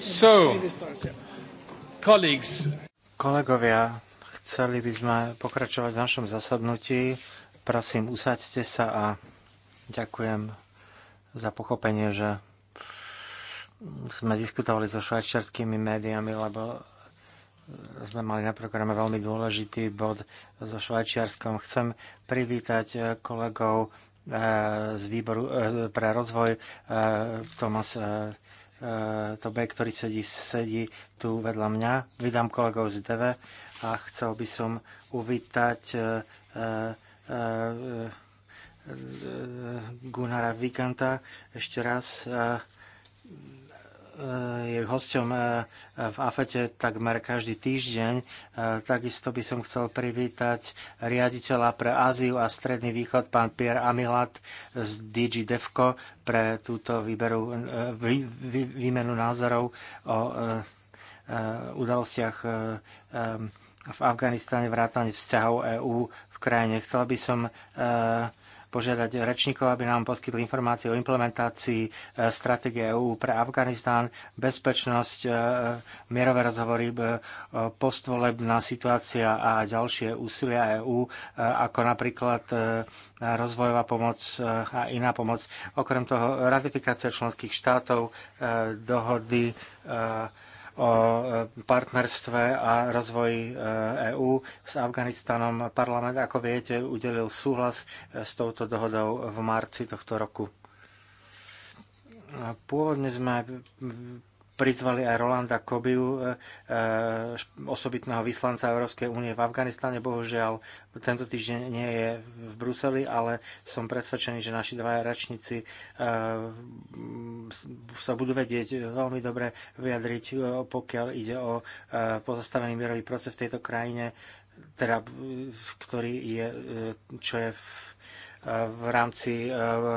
So, colleagues. Kolegovia, chceli by sme pokračovať v našom zasadnutí. Prosím, usaďte sa a ďakujem za pochopenie, že sme diskutovali so švajčiarskými médiami, lebo sme mali na programe veľmi dôležitý bod so Švajčiarskom. Chcem privítať eh, kolegov eh, z výboru eh, pre rozvoj Tomas Eh, to B, ktorý sedí, sedí tu vedľa mňa. Vydám kolegov z DV a chcel by som uvítať eh, eh, Gunara Vikanta ešte raz je hosťom eh, v AFETE takmer každý týždeň. Eh, takisto by som chcel privítať riaditeľa pre Áziu a Stredný východ, pán Pierre Amilat z DG DEFCO pre túto výberu, eh, vý, vý, výmenu názorov o udalostiach v Afganistane vrátane vzťahov EÚ v krajine. Chcel by som požiadať rečníkov, aby nám poskytli informácie o implementácii e, stratégie EÚ pre Afganistán, bezpečnosť, e, e, mierové rozhovory, postvolebná situácia a ďalšie úsilia EÚ, ako napríklad rozvojová pomoc a iná pomoc. Okrem toho ratifikácia členských štátov, dohody, o e, partnerstve a rozvoji EÚ e s Afganistanom. Parlament, ako viete, udelil súhlas e, s touto dohodou v marci tohto roku. Pôvodne sme Prizvali aj Rolanda Kobiu, e, e, osobitného vyslanca Európskej únie v Afganistane. Bohužiaľ, tento týždeň nie je v Bruseli, ale som presvedčený, že naši dvaja račníci e, sa budú vedieť veľmi dobre vyjadriť, pokiaľ ide o pozastavený mierový proces v tejto krajine, teda, ktorý je, čo je v v rámci e,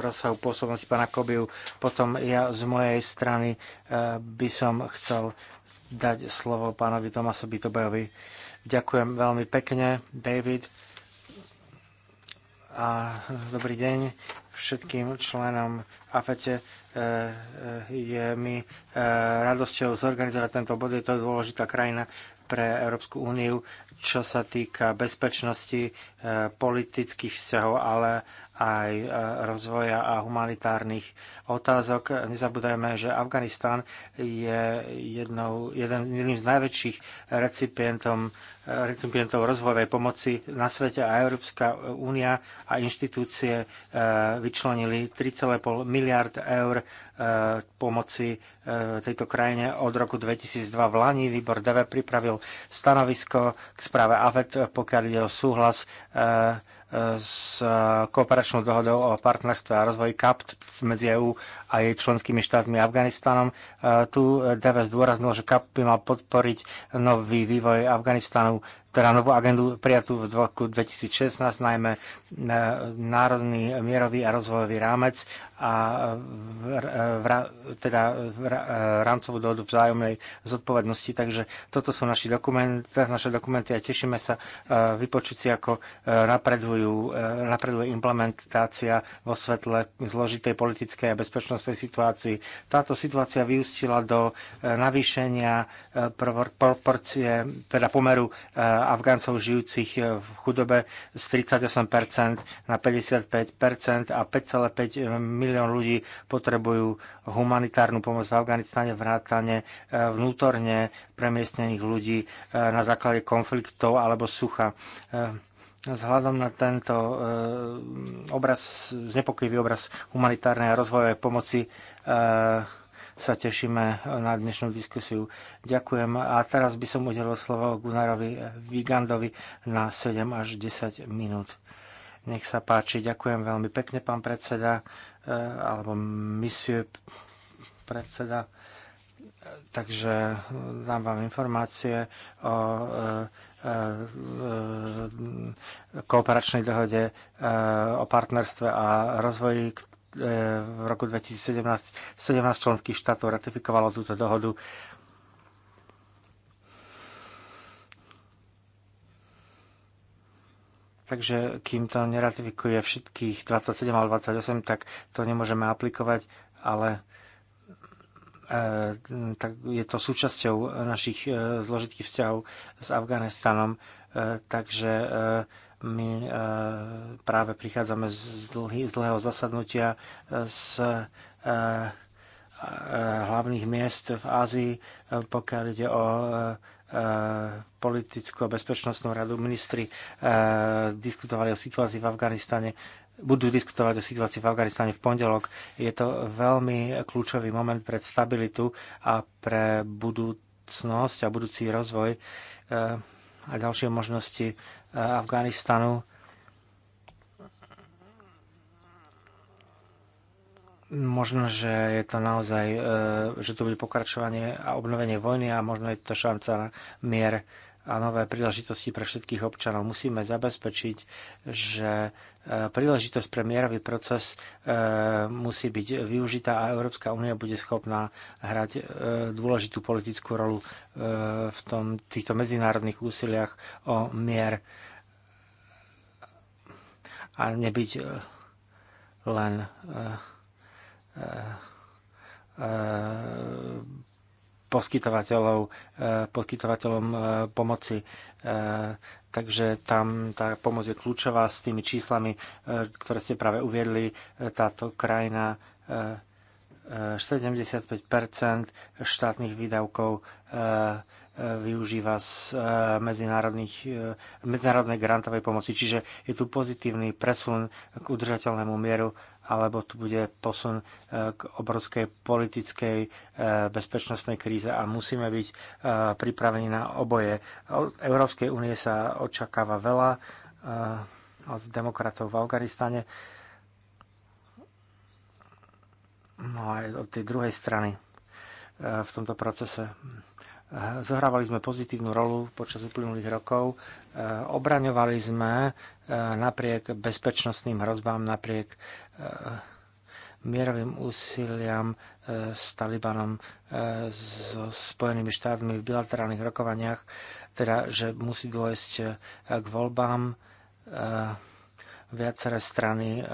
rozsahu pôsobnosti pána Kobiu. Potom ja z mojej strany e, by som chcel dať slovo pánovi Tomasovi Tobajovi. Ďakujem veľmi pekne, David. A dobrý deň všetkým členom AFETE. E, je mi radosťou zorganizovať tento bod. Je to dôležitá krajina, pre Európsku úniu, čo sa týka bezpečnosti, eh, politických vzťahov, ale aj e, rozvoja a humanitárnych otázok. Nezabúdajme, že Afganistán je jednou, jeden, jedným z najväčších recipientom, e, recipientov rozvojovej pomoci na svete a Európska únia a inštitúcie e, vyčlenili 3,5 miliard eur pomoci tejto krajine od roku 2002. V Lani výbor DV pripravil stanovisko k správe AFET, pokiaľ ide o súhlas s eh, kooperačnou dohodou o partnerstve a rozvoji KAP medzi EÚ a jej členskými štátmi a Afganistanom. Eh, tu DVS zdôraznil, že KAP by mal podporiť nový vývoj Afganistanu teda novú agendu prijatú v roku 2016, najmä e, Národný mierový a rozvojový rámec a v, e, v, teda v, e, rámcovú dohodu vzájomnej zodpovednosti. Takže toto sú naši dokumenty, naše dokumenty a tešíme sa vypočuť si, ako napredujú, napreduje implementácia vo svetle zložitej politickej a bezpečnostnej situácii. Táto situácia vyústila do navýšenia proporcie, teda pomeru Afgáncov žijúcich e, v chudobe z 38% na 55% a 5,5 e, milión ľudí potrebujú humanitárnu pomoc v Afganistane vrátane e, vnútorne premiestnených ľudí na základe konfliktov alebo sucha. Vzhľadom na tento obraz, znepokojivý obraz humanitárnej a rozvojovej pomoci sa tešíme na dnešnú diskusiu. Ďakujem a teraz by som udelil slovo Gunarovi Vigandovi na 7 až 10 minút. Nech sa páči, ďakujem veľmi pekne, pán predseda, e, alebo misie predseda. Takže dám vám informácie o e, e, kooperačnej dohode o partnerstve a rozvoji, E, v roku 2017 17 členských štátov ratifikovalo túto dohodu. Takže kým to neratifikuje všetkých 27 alebo 28, tak to nemôžeme aplikovať, ale e, tak je to súčasťou našich e, zložitých vzťahov s Afganistanom. E, takže e, my e, práve prichádzame z, dlhý, z dlhého zasadnutia e, z e, hlavných miest v Ázii, pokiaľ ide o politickú a bezpečnostnú radu. Ministri diskutovali o situácii v Afganistane budú diskutovať o situácii v Afganistane v pondelok. Je to veľmi kľúčový moment pre stabilitu a pre budúcnosť a budúci rozvoj a ďalšie možnosti eh, Afganistanu. Možno, že je to naozaj, eh, že to bude pokračovanie a obnovenie vojny a možno je to šanca na mier a nové príležitosti pre všetkých občanov. Musíme zabezpečiť, že e, príležitosť pre mierový proces e, musí byť využitá a Európska únia bude schopná hrať e, dôležitú politickú rolu v tom, týchto medzinárodných úsiliach o mier a nebyť len poskytovateľov, e, poskytovateľom e, pomoci. E, takže tam tá pomoc je kľúčová s tými číslami, ktoré ste práve uviedli. Táto krajina 75 štátnych výdavkov využíva z medzinárodných, medzinárodnej grantovej pomoci. Čiže je tu pozitívny presun k udržateľnému mieru alebo tu bude posun e, k obrovskej politickej e, bezpečnostnej kríze a musíme byť e, pripravení na oboje. Od Európskej únie sa očakáva veľa od demokratov v Afganistane. No aj od tej druhej strany v tomto procese. Zohrávali sme pozitívnu rolu počas uplynulých rokov. Obraňovali sme e, napriek bezpečnostným hrozbám, napriek e, mierovým úsiliam e, s Talibanom, so Spojenými štátmi v bilaterálnych rokovaniach, teda, že musí dôjsť k voľbám viaceré strany,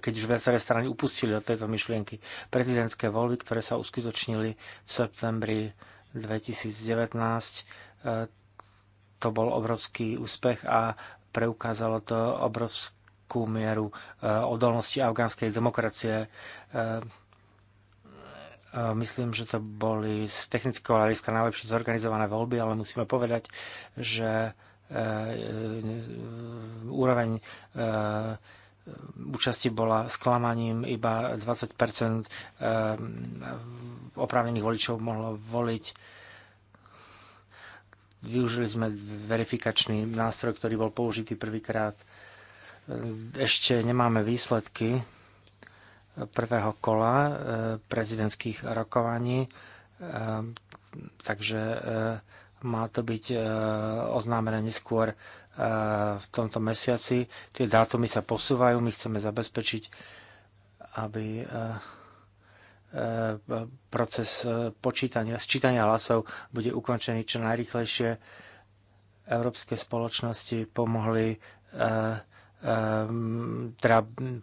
keď už viaceré strany upustili od tejto myšlienky. Prezidentské voľby, ktoré sa uskutočnili v septembri 2019. Eh, to bol obrovský úspech a preukázalo to obrovskú mieru eh, odolnosti afgánskej demokracie. Eh, myslím, že to boli z technického hľadiska najlepšie zorganizované voľby, ale musíme povedať, že úroveň Ehm, účasti bola sklamaním, iba 20 ehm, oprávnených voličov mohlo voliť. Využili sme verifikačný nástroj, ktorý bol použitý prvýkrát. Ehm, ešte nemáme výsledky prvého kola prezidentských rokovaní, takže má to byť oznámené neskôr v tomto mesiaci. Tie dátumy sa posúvajú, my chceme zabezpečiť, aby eh, eh, proces eh, počítania, sčítania hlasov bude ukončený čo najrychlejšie. Európske spoločnosti pomohli teda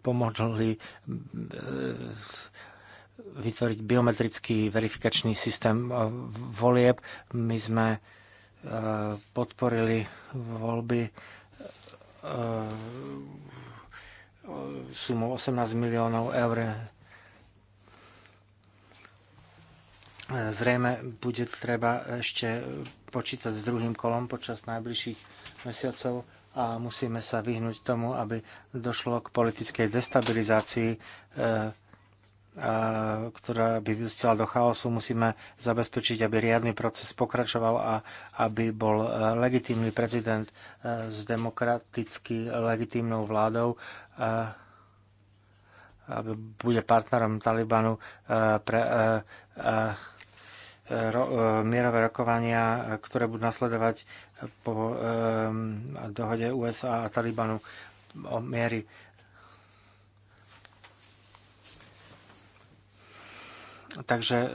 pomohli vytvoriť biometrický verifikačný systém volieb. My sme podporili voľby e, sumou 18 miliónov eur. Zrejme bude treba ešte počítať s druhým kolom počas najbližších mesiacov a musíme sa vyhnúť tomu, aby došlo k politickej destabilizácii e, ktorá by vyústila do chaosu, musíme zabezpečiť, aby riadny proces pokračoval a aby bol e, legitímny prezident e, s demokraticky legitímnou vládou e, aby bude partnerom Talibanu pre mierové rokovania, ktoré budú nasledovať po dohode USA a Talibanu o miery Takže e,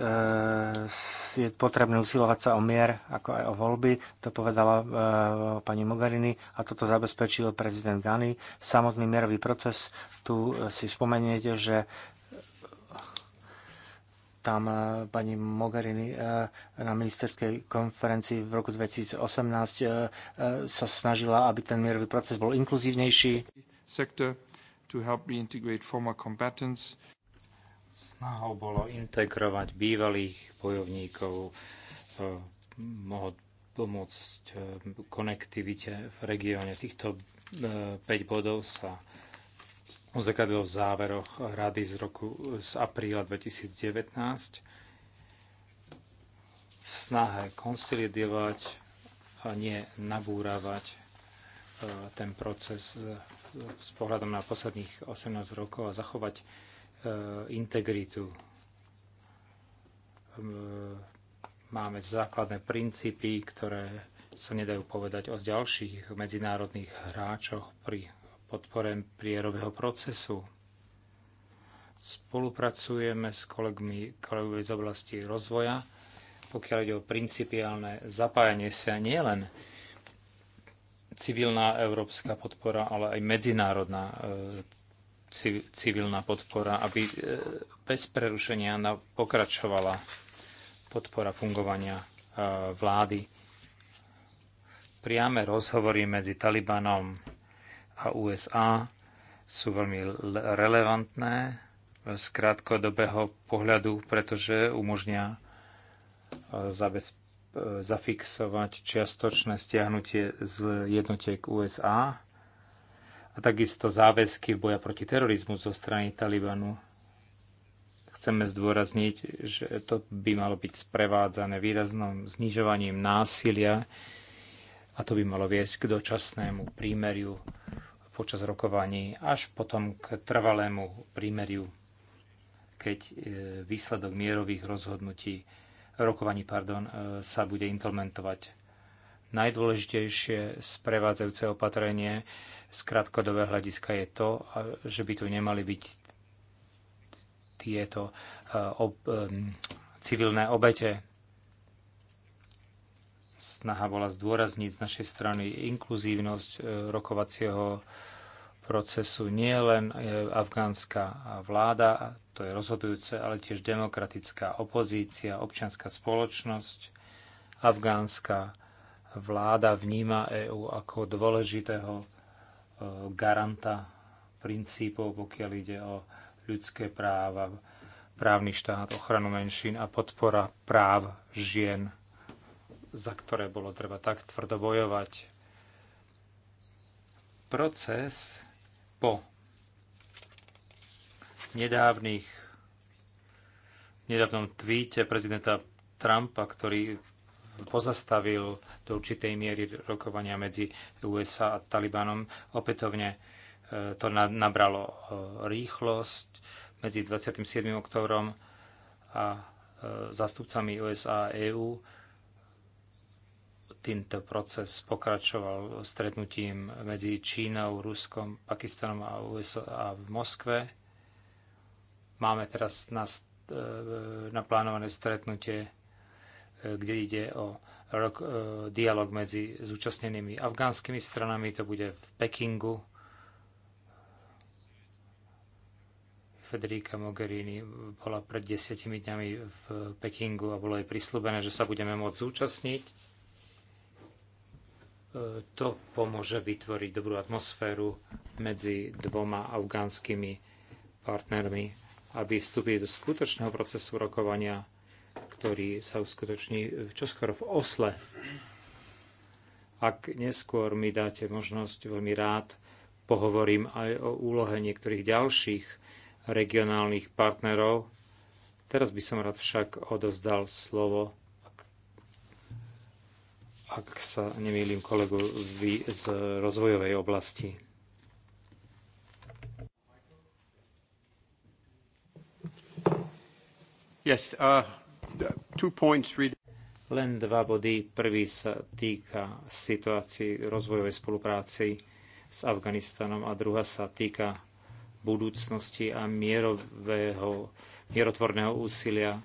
je potrebné usilovať sa o mier, ako aj o voľby, to povedala e, pani Mogherini a toto zabezpečil prezident Ghani. Samotný mierový proces, tu e, si spomeniete, že tam pani Mogherini na ministerskej konferencii v roku 2018 sa snažila, aby ten mierový proces bol inkluzívnejší. to help Snahou bolo integrovať bývalých bojovníkov, e, mohol pomôcť e, konektivite v regióne. Týchto 5 e, bodov sa uzakadilo v záveroch rady z roku z apríla 2019 v snahe konsolidovať a nie nabúravať ten proces s pohľadom na posledných 18 rokov a zachovať Eh, integritu. Ehm, máme základné princípy, ktoré sa nedajú povedať o ďalších medzinárodných hráčoch pri podpore prierového procesu. Spolupracujeme s kolegmi, kolegmi z oblasti rozvoja, pokiaľ ide o principiálne zapájanie sa nielen civilná európska podpora, ale aj medzinárodná eh, civilná podpora, aby e, bez prerušenia pokračovala podpora fungovania e, vlády. Priame rozhovory medzi Talibanom a USA sú veľmi relevantné z krátkodobého pohľadu, pretože umožnia e, zafixovať čiastočné stiahnutie z jednotiek USA a takisto záväzky boja proti terorizmu zo strany Talibanu. Chceme zdôrazniť, že to by malo byť sprevádzané výraznom znižovaním násilia a to by malo viesť k dočasnému prímeriu počas rokovaní až potom k trvalému prímeriu, keď e, výsledok mierových rozhodnutí rokovaní pardon, e, sa bude implementovať. Najdôležitejšie sprevádzajúce opatrenie z krátkodobého hľadiska je to, že by tu nemali byť tieto e, ob, um, civilné obete. Snaha bola zdôrazniť z našej strany inkluzívnosť e, rokovacieho procesu nie len afgánska vláda, to je rozhodujúce, ale tiež demokratická opozícia, občianská spoločnosť, afgánska vláda vníma EÚ ako dôležitého garanta princípov, pokiaľ ide o ľudské práva, právny štát, ochranu menšín a podpora práv žien, za ktoré bolo treba tak tvrdo bojovať. Proces po nedávnych nedávnom tweete prezidenta Trumpa, ktorý pozastavil do určitej miery rokovania medzi USA a Talibanom. Opätovne e, to nabralo e, rýchlosť medzi 27. oktobrom a e, zástupcami USA a EÚ. Tento proces pokračoval stretnutím medzi Čínou, Ruskom, Pakistanom a USA a v Moskve. Máme teraz na, naplánované stretnutie kde ide o rok, e, dialog medzi zúčastnenými afgánskymi stranami. To bude v Pekingu. Federica Mogherini bola pred desiatimi dňami v Pekingu a bolo jej prislúbené, že sa budeme môcť zúčastniť. E, to pomôže vytvoriť dobrú atmosféru medzi dvoma afgánskymi partnermi, aby vstúpili do skutočného procesu rokovania ktorý sa uskutoční čoskoro v Osle. Ak neskôr mi dáte možnosť, veľmi rád pohovorím aj o úlohe niektorých ďalších regionálnych partnerov. Teraz by som rád však odozdal slovo, ak, ak sa nemýlim vy z rozvojovej oblasti. Yes, uh, len dva body. Prvý sa týka situácii rozvojovej spolupráci s Afganistanom a druhá sa týka budúcnosti a mierového, mierotvorného úsilia.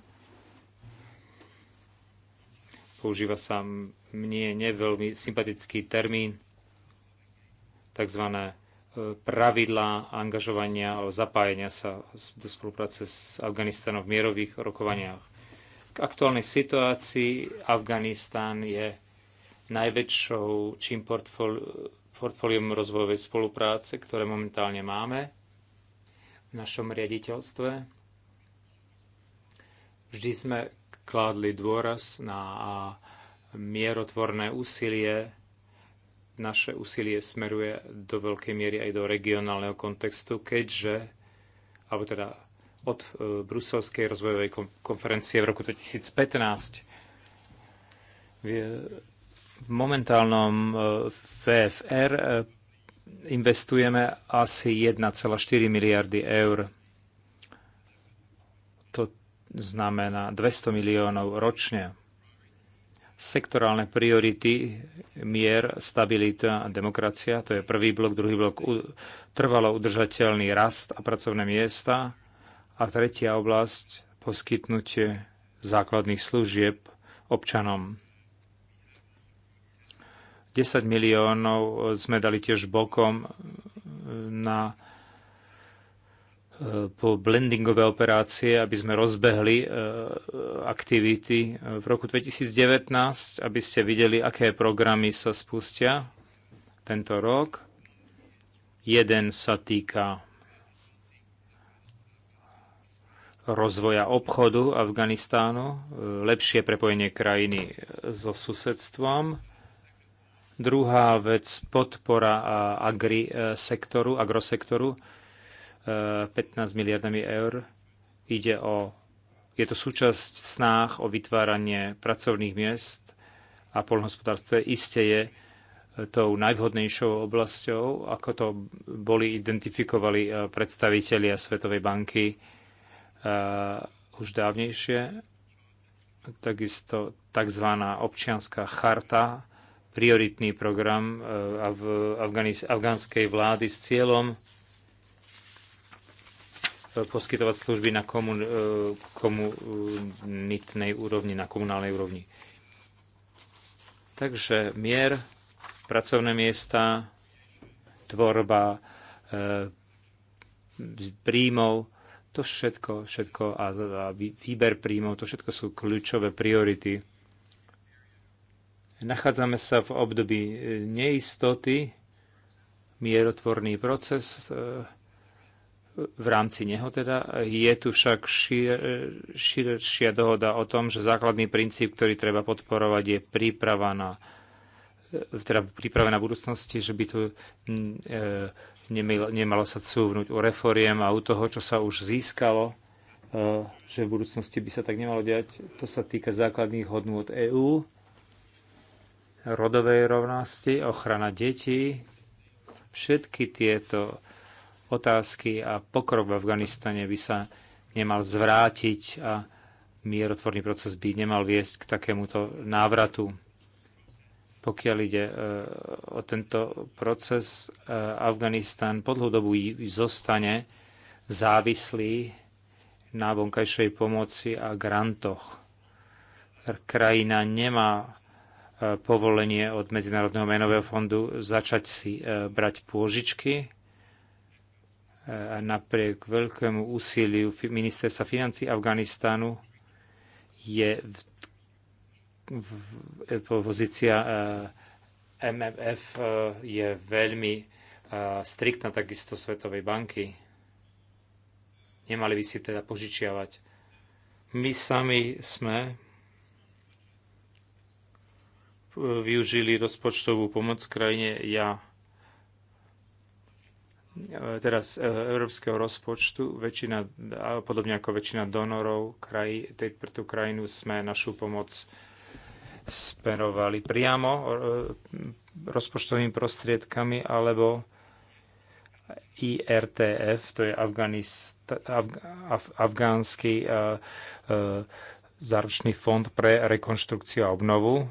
Používa sa mne neveľmi sympatický termín, tzv. E, pravidlá angažovania alebo zapájenia sa do spolupráce s Afganistanom v mierových rokovaniach. K aktuálnej situácii Afganistán je najväčšou čím portfóliom rozvojovej spolupráce, ktoré momentálne máme v našom riaditeľstve. Vždy sme kládli dôraz na mierotvorné úsilie. Naše úsilie smeruje do veľkej miery aj do regionálneho kontextu, keďže, alebo teda od e, Bruselskej rozvojovej konferencie v roku 2015. E, v momentálnom e, VFR investujeme asi 1,4 miliardy eur. To znamená 200 miliónov ročne. Sektorálne priority, mier, stabilita a demokracia, to je prvý blok, druhý blok, trvalo udržateľný rast a pracovné miesta, a tretia oblasť poskytnutie základných služieb občanom. 10 miliónov sme dali tiež bokom na e, po blendingové operácie, aby sme rozbehli e, aktivity v roku 2019, aby ste videli, aké programy sa spustia tento rok. Jeden sa týka rozvoja obchodu Afganistánu, e, lepšie prepojenie krajiny so susedstvom. Druhá vec, podpora agri e, sektoru, agrosektoru 15 e, miliardami eur. Ide o, je to súčasť snách o vytváranie pracovných miest a polnohospodárstve. Isté je tou najvhodnejšou oblasťou, ako to boli identifikovali predstavitelia Svetovej banky už dávnejšie. Takisto tzv. občianská charta, prioritný program e, afgánskej vlády s cieľom e, poskytovať služby na komun, e, komunitnej úrovni, na komunálnej úrovni. Takže mier, pracovné miesta, tvorba e, príjmov, to všetko, všetko a, a výber príjmov, to všetko sú kľúčové priority. Nachádzame sa v období e, neistoty, mierotvorný proces e, v rámci neho teda. Je tu však širšia dohoda o tom, že základný princíp, ktorý treba podporovať, je príprava na, e, teda príprava na budúcnosti, že by tu e, nemalo, sa cúvnuť u reforiem a u toho, čo sa už získalo, e, že v budúcnosti by sa tak nemalo diať. To sa týka základných hodnôt EÚ, rodovej rovnosti, ochrana detí, všetky tieto otázky a pokrok v Afganistane by sa nemal zvrátiť a mierotvorný proces by nemal viesť k takémuto návratu pokiaľ ide e, o tento proces, e, Afganistan po dlhú dobu zostane závislý na vonkajšej pomoci a grantoch. Krajina nemá e, povolenie od Medzinárodného menového fondu začať si brať pôžičky, napriek veľkému úsiliu ministerstva financí Afganistanu je pozícia e, MMF e, je veľmi e, striktná takisto Svetovej banky. Nemali by si teda požičiavať. My sami sme využili rozpočtovú pomoc krajine ja teraz európskeho rozpočtu, väčšina, podobne ako väčšina donorov kraj, tej, pre tú krajinu sme našu pomoc smerovali priamo e, rozpočtovými prostriedkami alebo IRTF, to je Afganist, Af, Af, afgánsky e, e, záručný fond pre rekonštrukciu a obnovu.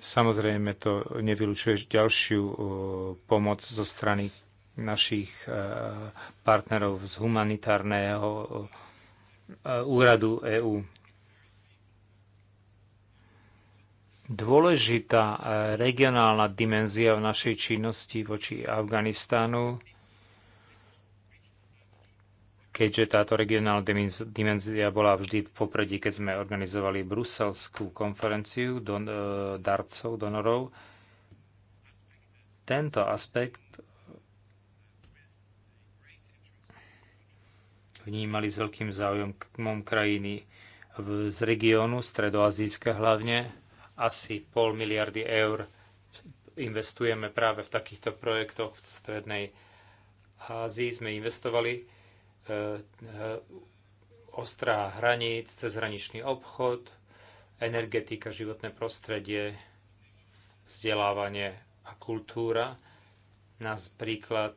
Samozrejme to nevylučuje ďalšiu pomoc zo strany našich partnerov z humanitárneho E, úradu EÚ. Dôležitá e, regionálna dimenzia v našej činnosti voči Afganistánu, keďže táto regionálna dimenzia bola vždy v popredí, keď sme organizovali bruselskú konferenciu don, e, darcov, donorov, tento aspekt vnímali s veľkým záujmom krajiny z regiónu, stredoazijské hlavne. Asi pol miliardy eur investujeme práve v takýchto projektoch v strednej Ázii. Sme investovali e, e, ostrá hraníc, cezhraničný obchod, energetika, životné prostredie, vzdelávanie a kultúra. Nás príklad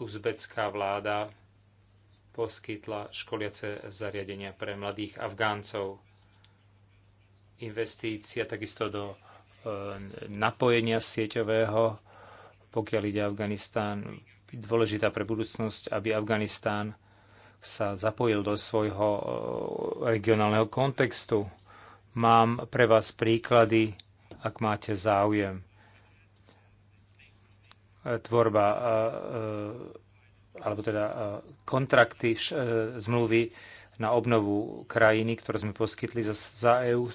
uzbecká vláda poskytla školiace zariadenia pre mladých Afgáncov. Investícia takisto do e, napojenia sieťového, pokiaľ ide Afganistán, dôležitá pre budúcnosť, aby Afganistán sa zapojil do svojho e, regionálneho kontextu. Mám pre vás príklady, ak máte záujem. E, tvorba alebo teda e, kontrakty, e, zmluvy na obnovu krajiny, ktoré sme poskytli za, za EU e,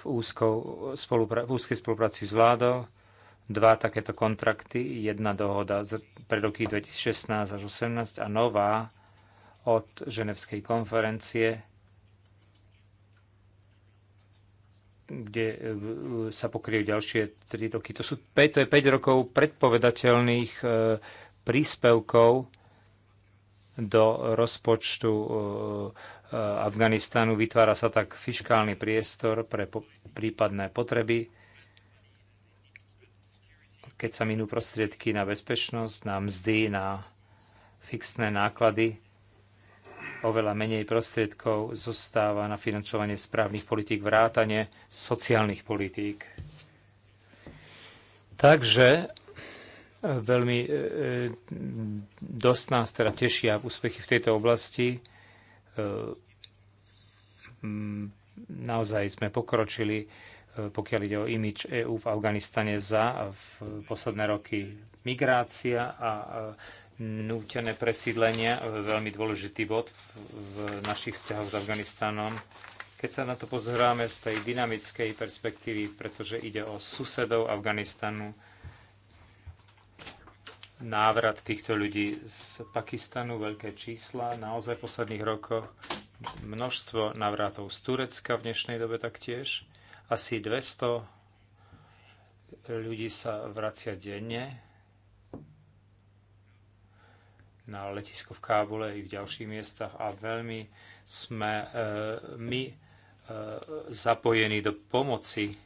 v, v úzkej spolupráci s vládou. Dva takéto kontrakty, jedna dohoda pre roky 2016 až 2018 a nová od Ženevskej konferencie, kde sa pokryjú ďalšie tri roky. To, sú, to je 5 rokov predpovedateľných príspevkov do rozpočtu e, e, Afganistanu. Vytvára sa tak fiskálny priestor pre prípadné potreby. Keď sa minú prostriedky na bezpečnosť, na mzdy, na fixné náklady, oveľa menej prostriedkov zostáva na financovanie správnych politík, vrátane sociálnych politík. Takže Veľmi e, e, dosť nás teda tešia úspechy v tejto oblasti. E, naozaj sme pokročili, pokiaľ ide o imič EÚ v Afganistane za v posledné roky migrácia a nútené presídlenie, veľmi dôležitý bod v, v našich vzťahoch s Afganistanom. Keď sa na to pozeráme z tej dynamickej perspektívy, pretože ide o susedov Afganistanu, návrat týchto ľudí z Pakistanu, veľké čísla, naozaj v posledných rokoch množstvo návratov z Turecka v dnešnej dobe taktiež, asi 200 ľudí sa vracia denne na letisko v Kábule i v ďalších miestach a veľmi sme e, my e, zapojení do pomoci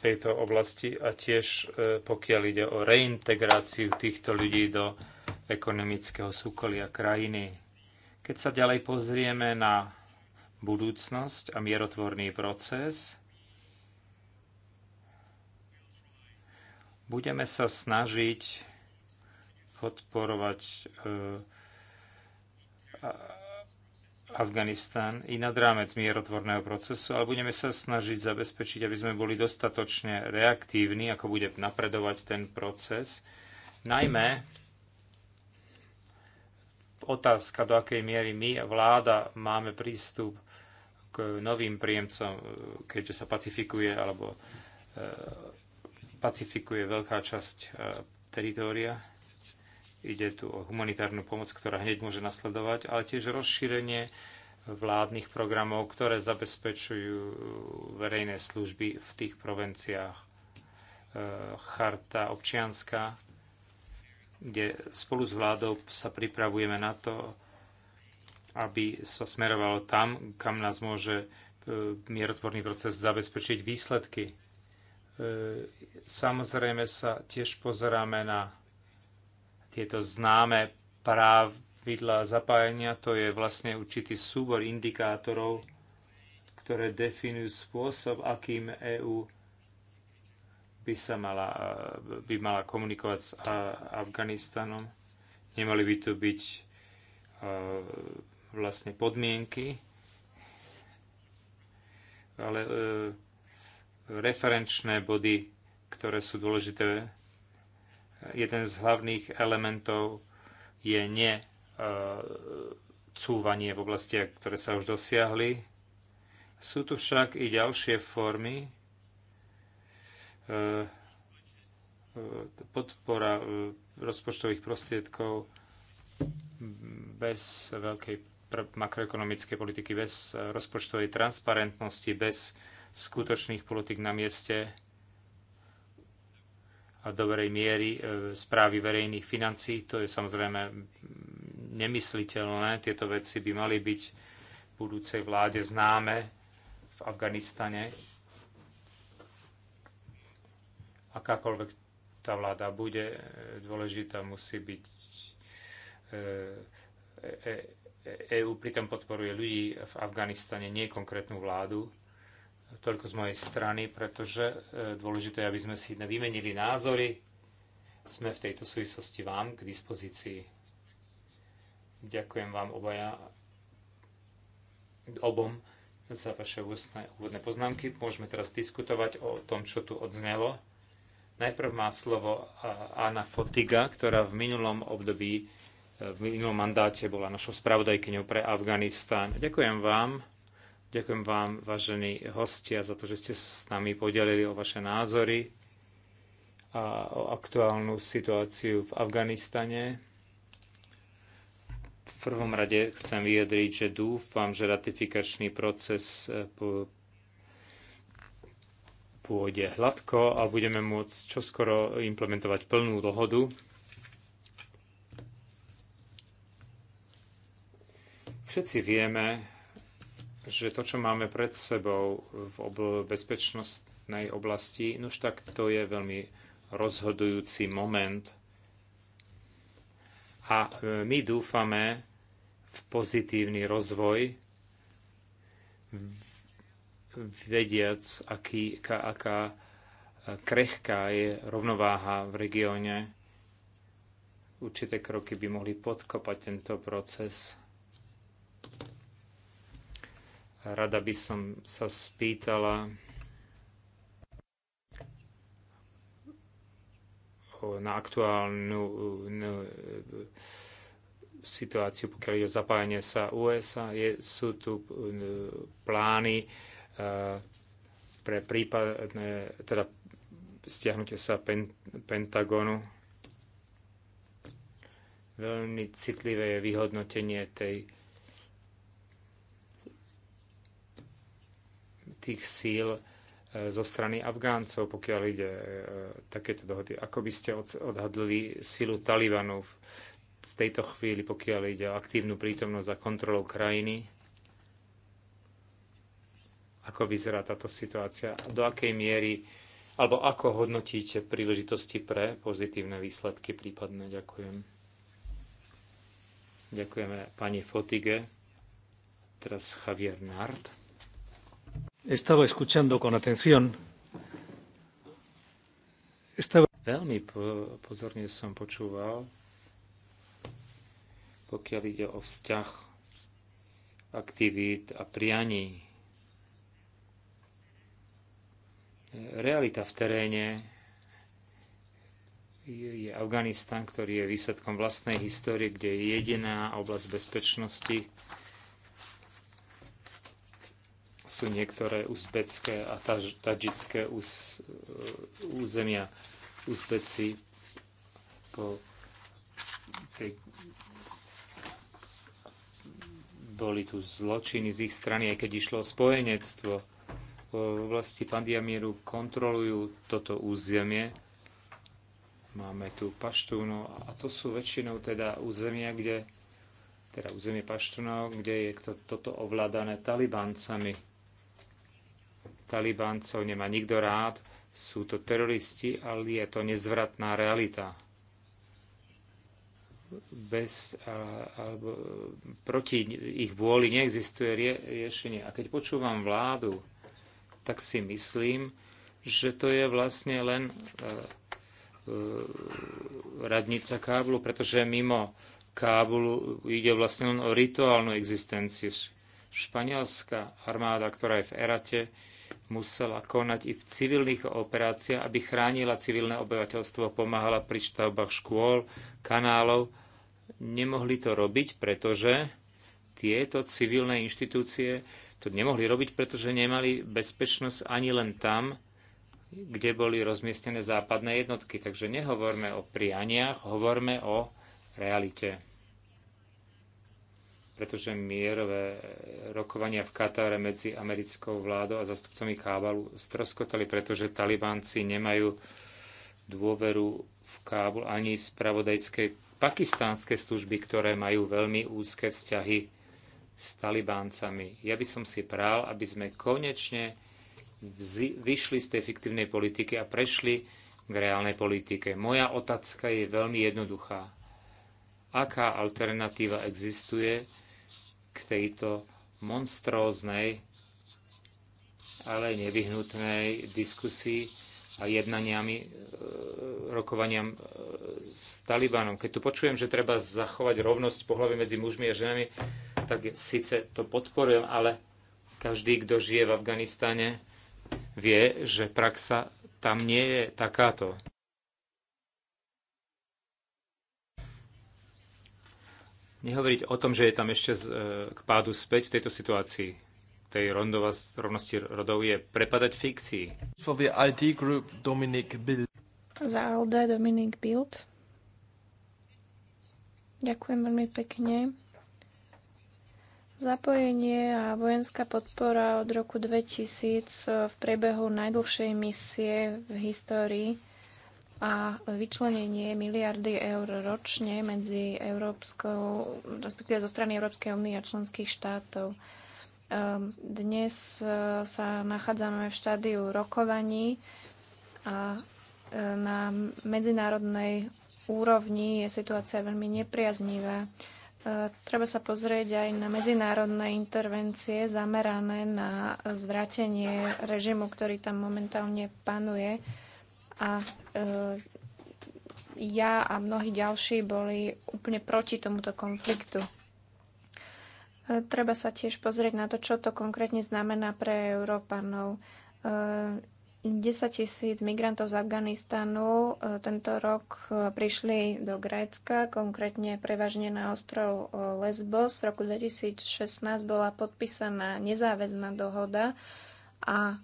tejto oblasti a tiež e, pokiaľ ide o reintegráciu týchto ľudí do ekonomického súkolia krajiny. Keď sa ďalej pozrieme na budúcnosť a mierotvorný proces, budeme sa snažiť podporovať e, a, Afganistán i nad rámec mierotvorného procesu, ale budeme sa snažiť zabezpečiť, aby sme boli dostatočne reaktívni, ako bude napredovať ten proces. Najmä otázka, do akej miery my, vláda, máme prístup k novým príjemcom, keďže sa pacifikuje alebo e, pacifikuje veľká časť e, teritória Ide tu o humanitárnu pomoc, ktorá hneď môže nasledovať, ale tiež rozšírenie vládnych programov, ktoré zabezpečujú verejné služby v tých provinciách. E, Charta občianska, kde spolu s vládou sa pripravujeme na to, aby sa smerovalo tam, kam nás môže e, mierotvorný proces zabezpečiť výsledky. E, samozrejme sa tiež pozeráme na tieto známe pravidlá zapájania, to je vlastne určitý súbor indikátorov, ktoré definujú spôsob, akým EÚ by sa mala, by mala komunikovať s Afganistanom. Nemali by tu byť e, vlastne podmienky, ale e, referenčné body, ktoré sú dôležité Jeden z hlavných elementov je ne e, cúvanie v oblastiach, ktoré sa už dosiahli. Sú tu však i ďalšie formy e, e, podpora rozpočtových prostriedkov bez veľkej makroekonomickej politiky, bez rozpočtovej transparentnosti, bez skutočných politik na mieste a dobrej miery e, správy verejných financí. To je samozrejme nemysliteľné. Tieto veci by mali byť v budúcej vláde známe v Afganistane. Akákoľvek tá vláda bude e, dôležitá, musí byť EÚ e, pritom podporuje ľudí v Afganistane, nie konkrétnu vládu. Toľko z mojej strany, pretože e, dôležité je, aby sme si vymenili názory. Sme v tejto súvislosti vám k dispozícii. Ďakujem vám obaja, obom za vaše ústne úvodné poznámky. Môžeme teraz diskutovať o tom, čo tu odznelo. Najprv má slovo Anna Fotiga, ktorá v minulom období, e, v minulom mandáte bola našou spravodajkyňou pre Afganistán. Ďakujem vám. Ďakujem vám, vážení hostia, za to, že ste sa s nami podelili o vaše názory a o aktuálnu situáciu v Afganistane. V prvom rade chcem vyjadriť, že dúfam, že ratifikačný proces eh, pôjde hladko a budeme môcť čoskoro implementovať plnú dohodu. Všetci vieme, že to, čo máme pred sebou v obl- bezpečnostnej oblasti, no už tak to je veľmi rozhodujúci moment. A e, my dúfame v pozitívny rozvoj, vediac, aký, aká, aká e, krehká je rovnováha v regióne. Určité kroky by mohli podkopať tento proces Rada by som sa spýtala na aktuálnu no, situáciu, pokiaľ je zapájanie sa USA. Je, sú tu no, plány e, pre prípadné, teda stiahnutie sa pen, Pentagonu. Veľmi citlivé je vyhodnotenie tej tých síl e, zo strany Afgáncov, pokiaľ ide e, takéto dohody. Ako by ste odhadli silu Talibanu v tejto chvíli, pokiaľ ide o aktívnu prítomnosť a kontrolu krajiny? Ako vyzerá táto situácia? Do akej miery, alebo ako hodnotíte príležitosti pre pozitívne výsledky prípadne? Ďakujem. Ďakujeme pani Fotige. Teraz Javier Nard. Estaba escuchando con atención. Estaba... Veľmi po- pozorne som počúval, pokiaľ ide o vzťah aktivít a prianí. Realita v teréne je Afganistan, ktorý je výsledkom vlastnej histórie, kde je jediná oblasť bezpečnosti, sú niektoré uzbecké a tadžické úz, územia. Uzbeci po tej, boli tu zločiny z ich strany, aj keď išlo o spojenectvo. V oblasti Pandiamíru kontrolujú toto územie. Máme tu Paštúno a to sú väčšinou teda územia, kde teda územie Paštúno, kde je to, toto ovládané talibancami. Talibáncov nemá nikto rád, sú to teroristi, ale je to nezvratná realita. Bez, alebo proti ich vôli neexistuje rie, riešenie. A keď počúvam vládu, tak si myslím, že to je vlastne len uh, uh, radnica Kábulu, pretože mimo Kábulu ide vlastne len o rituálnu existenciu. Španielská armáda, ktorá je v Erate, musela konať i v civilných operáciách, aby chránila civilné obyvateľstvo, pomáhala pri stavbách škôl, kanálov. Nemohli to robiť, pretože tieto civilné inštitúcie to nemohli robiť, pretože nemali bezpečnosť ani len tam, kde boli rozmiestnené západné jednotky. Takže nehovorme o prianiach, hovorme o realite pretože mierové rokovania v Katare medzi americkou vládou a zastupcami Kábalu stroskotali, pretože talibánci nemajú dôveru v Kábul ani spravodajské pakistánske služby, ktoré majú veľmi úzke vzťahy s talibáncami. Ja by som si prál, aby sme konečne vyšli z tej fiktívnej politiky a prešli k reálnej politike. Moja otázka je veľmi jednoduchá. Aká alternatíva existuje k tejto monstróznej, ale nevyhnutnej diskusii a jednaniami, e, rokovaniam e, s Talibanom. Keď tu počujem, že treba zachovať rovnosť pohľavy medzi mužmi a ženami, tak síce to podporujem, ale každý, kto žije v Afganistáne, vie, že praxa tam nie je takáto. Nehovoriť o tom, že je tam ešte e, k pádu späť v tejto situácii tej rondova, rovnosti rodov je prepadať fikcii. For the ID group, Dominic Bild. Za ALDE Dominic Bild. Ďakujem veľmi pekne. Zapojenie a vojenská podpora od roku 2000 e, v priebehu najdlhšej misie v histórii a vyčlenenie miliardy eur ročne medzi Európskou, respektíve zo strany Európskej únie a členských štátov. Ehm, dnes e, sa nachádzame v štádiu rokovaní a e, na medzinárodnej úrovni je situácia veľmi nepriaznivá. E, treba sa pozrieť aj na medzinárodné intervencie zamerané na zvrátenie režimu, ktorý tam momentálne panuje a e, ja a mnohí ďalší boli úplne proti tomuto konfliktu. E, treba sa tiež pozrieť na to, čo to konkrétne znamená pre Európanov. 10 e, tisíc migrantov z Afganistanu tento rok prišli do Grécka, konkrétne prevažne na ostrov Lesbos. V roku 2016 bola podpísaná nezáväzná dohoda a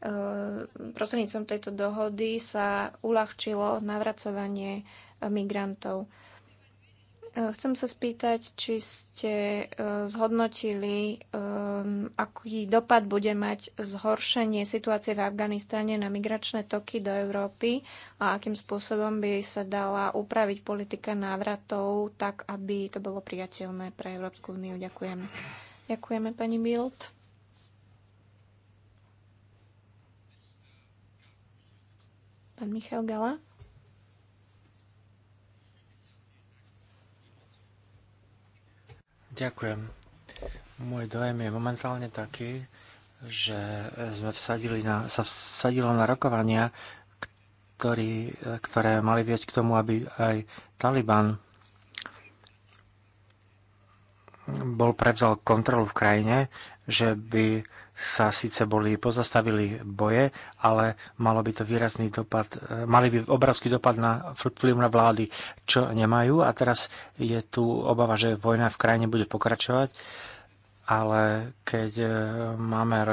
Ehm, prostrednícom tejto dohody sa uľahčilo navracovanie e, migrantov. Ehm, chcem sa spýtať, či ste e, zhodnotili, ehm, aký dopad bude mať zhoršenie situácie v Afganistane na migračné toky do Európy a akým spôsobom by sa dala upraviť politika návratov tak, aby to bolo priateľné pre Európsku úniu. Ďakujem. Ďakujeme, pani Bild. Pán Michal Gala. Ďakujem. Môj dojem je momentálne taký, že sme vsadili na, sa vsadilo na rokovania, ktorý, ktoré mali viesť k tomu, aby aj Taliban bol prevzal kontrolu v krajine, že by sa síce boli, pozastavili boje, ale malo by to výrazný dopad, e, mali by obrovský dopad na vplyv na vlády, čo nemajú. A teraz je tu obava, že vojna v krajine bude pokračovať ale keď e, máme e,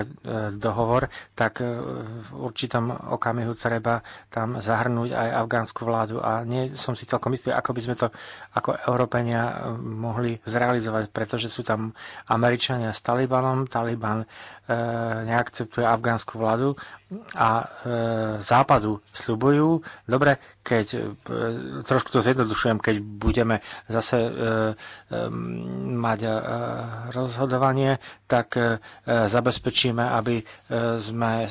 dohovor, tak v určitom okamihu treba tam zahrnúť aj afgánsku vládu. A nie som si celkom istý, ako by sme to ako Európania mohli zrealizovať, pretože sú tam Američania s Talibanom, Taliban E, neakceptuje afgánsku vládu a e, západu sľubujú. Dobre, keď, e, trošku to zjednodušujem, keď budeme zase mať rozhodovanie, tak zabezpečíme, aby, sme,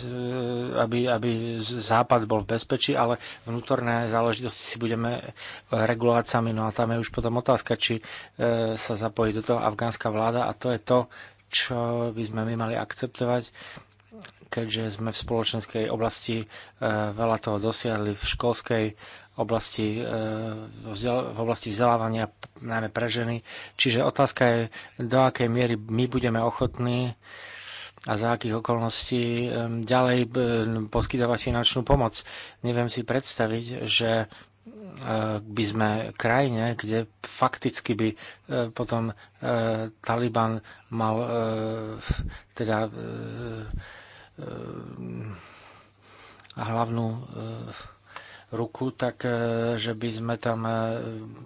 aby, aby západ bol v bezpečí, ale vnútorné záležitosti si budeme regulovať sami. No a tam je už potom otázka, či sa zapojí do toho afgánska vláda a to je to, čo by sme my mali akceptovať, keďže sme v spoločenskej oblasti e, veľa toho dosiahli v školskej oblasti, e, v oblasti vzdelávania, najmä pre ženy. Čiže otázka je, do akej miery my budeme ochotní a za akých okolností e, ďalej poskytovať finančnú pomoc. Neviem si predstaviť, že E, by sme krajine, kde fakticky by e, potom e, Taliban mal teda hlavnú ruku, tak že by sme tam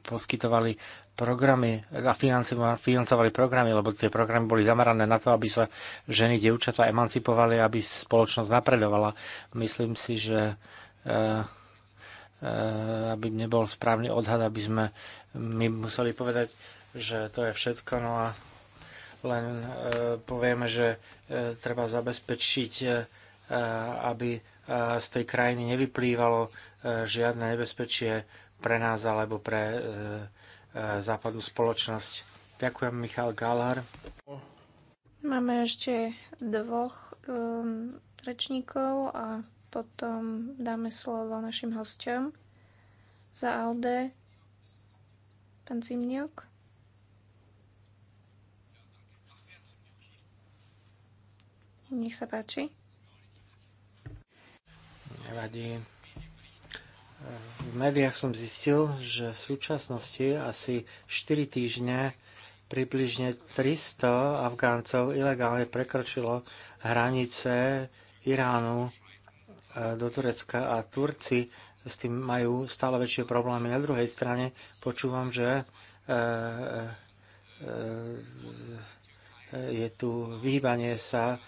poskytovali programy a financovali programy, lebo tie programy boli zamerané na to, aby sa ženy, dievčatá emancipovali, aby spoločnosť napredovala. Myslím si, že Eh, aby nebol správny odhad, aby sme my museli povedať, že to je všetko, no a len eh, povieme, že eh, treba zabezpečiť, aby z tej krajiny nevyplývalo žiadne nebezpečie pre nás alebo pre západnú spoločnosť. Ďakujem, Michal Galhar. Máme ešte dvoch um, rečníkov a potom dáme slovo našim hostiam Za Alde, pán Zimniok Nech sa páči. Nevadí. V médiách som zistil, že v súčasnosti asi 4 týždne približne 300 Afgáncov ilegálne prekročilo hranice Iránu E, do Turecka a Turci s tým majú stále väčšie problémy. Na druhej strane počúvam, že e, e, je tu vyhýbanie sa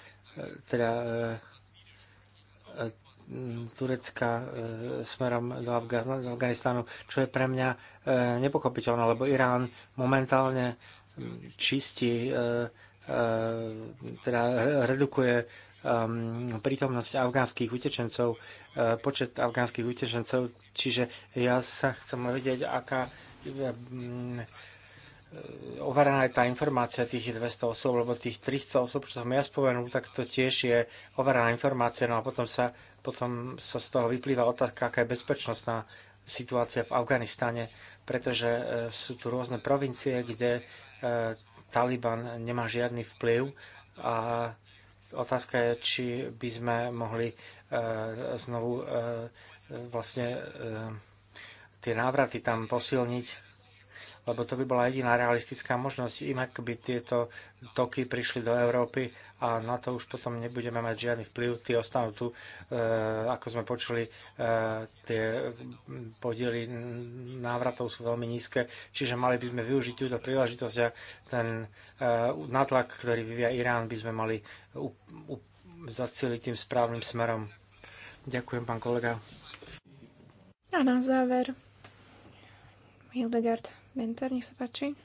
teda Turecka smerom do, Afganistánu, Afganistanu, čo je pre mňa nepochopiteľné, lebo Irán momentálne čistí, teda redukuje Um, prítomnosť afgánskych utečencov, uh, počet afgánskych utečencov, čiže ja sa chcem vedieť, aká um, uh, overená je tá informácia tých 200 osôb, lebo tých 300 osôb, čo som ja spomenul, tak to tiež je overená informácia, no a potom sa, potom sa z toho vyplýva otázka, aká je bezpečnostná situácia v Afganistane, pretože uh, sú tu rôzne provincie, kde Taliban nemá žiadny vplyv a Otázka je, či by sme mohli e, znovu e, e, vlastne tie návraty tam posilniť lebo to by bola jediná realistická možnosť, inak by tieto toky prišli do Európy a na to už potom nebudeme mať žiadny vplyv, tie ostanú tu, e, ako sme počuli, e, tie podiely návratov sú veľmi nízke, čiže mali by sme využiť túto príležitosť a ten e, natlak, ktorý vyvia Irán, by sme mali up, zacieliť tým správnym smerom. Ďakujem, pán kolega. A na záver, Hildegard. Mentor, nech sa páči.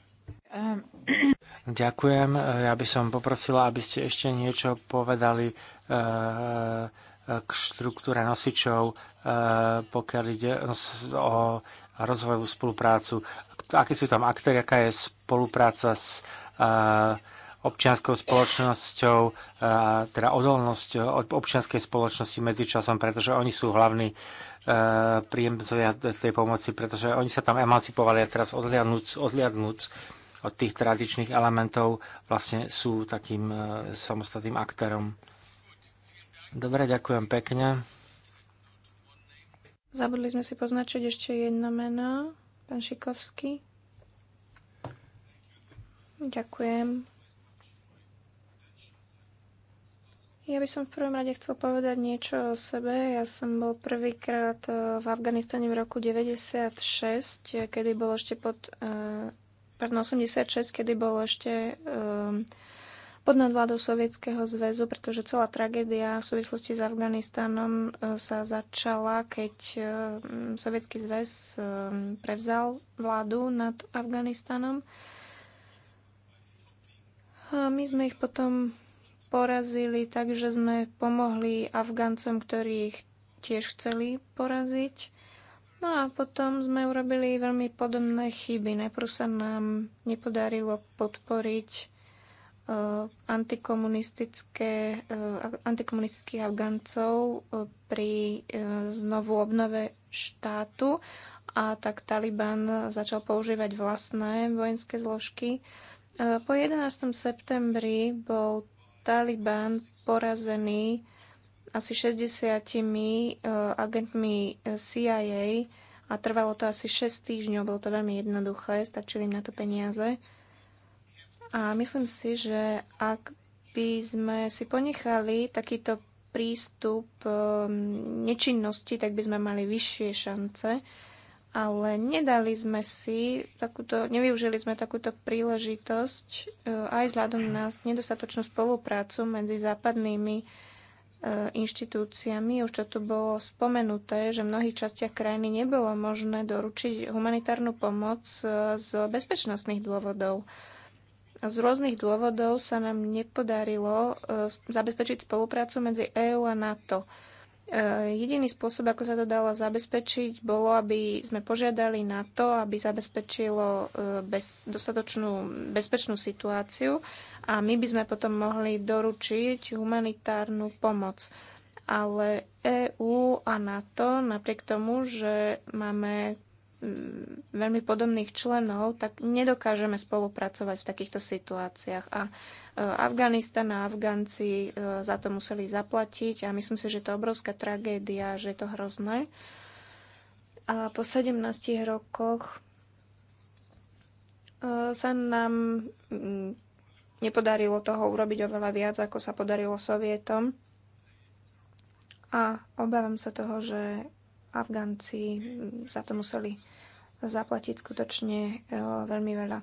Ehm. Ďakujem. Eh, ja by som poprosila, aby ste ešte niečo povedali eh, eh, k štruktúre nosičov, pokiaľ ide o rozvojovú spoluprácu. Aké sú tam aktéry, aká je spolupráca s občianskou spoločnosťou, teda odolnosť e, od občianskej spoločnosti medzičasom, pretože oni sú hlavní e, príjemcovia tej pomoci, pretože oni sa tam emancipovali a teraz odliadnúc, odliadnúc od tých tradičných elementov vlastne sú takým e, samostatným aktérom. Dobre, ďakujem pekne. Zabudli sme si poznačiť ešte jedno meno, pán Šikovský. Ďakujem. Ja by som v prvom rade chcel povedať niečo o sebe. Ja som bol prvýkrát eh, v Afganistane v roku 96, eh, kedy bol ešte pod... Eh, pardon, 86, kedy bol ešte pod nadvládou Sovietskeho zväzu, pretože celá tragédia v súvislosti s Afganistanom sa začala, keď Sovietsky zväz prevzal vládu nad Afganistanom. A my sme ich potom porazili, takže sme pomohli Afgancom, ktorí ich tiež chceli poraziť. No a potom sme urobili veľmi podobné chyby. Najprv sa nám nepodarilo podporiť e, antikomunistické, e, antikomunistických Afgancov e, pri znovu obnove štátu a tak Taliban začal používať vlastné vojenské zložky. po 11. septembri bol Taliban porazený asi 60 e, agentmi e, CIA a trvalo to asi 6 týždňov, bolo to veľmi jednoduché, stačili im na to peniaze. A myslím si, že ak by sme si ponechali takýto prístup e, nečinnosti, tak by sme mali vyššie šance ale nedali sme si takúto, nevyužili sme takúto príležitosť e, aj vzhľadom na nedostatočnú spoluprácu medzi západnými e, inštitúciami. Už to tu bolo spomenuté, že v mnohých častiach krajiny nebolo možné doručiť humanitárnu pomoc e, z bezpečnostných dôvodov. Z rôznych dôvodov sa nám nepodarilo zabezpečiť spoluprácu medzi EÚ a NATO. E, jediný spôsob, ako sa to dalo zabezpečiť, bolo, aby sme požiadali na to, aby zabezpečilo e, bez, dostatočnú bezpečnú situáciu a my by sme potom mohli doručiť humanitárnu pomoc. Ale EÚ a NATO, napriek tomu, že máme Mm, veľmi podobných členov, tak nedokážeme spolupracovať v takýchto situáciách. A e, Afganistan a Afganci e, za to museli zaplatiť a myslím si, že to je obrovská tragédia, že je to hrozné. A po 17 rokoch e, sa nám mm, nepodarilo toho urobiť oveľa viac, ako sa podarilo Sovietom. A obávam sa toho, že Afgánci mm, za to museli zaplatiť skutočne eh, veľmi veľa.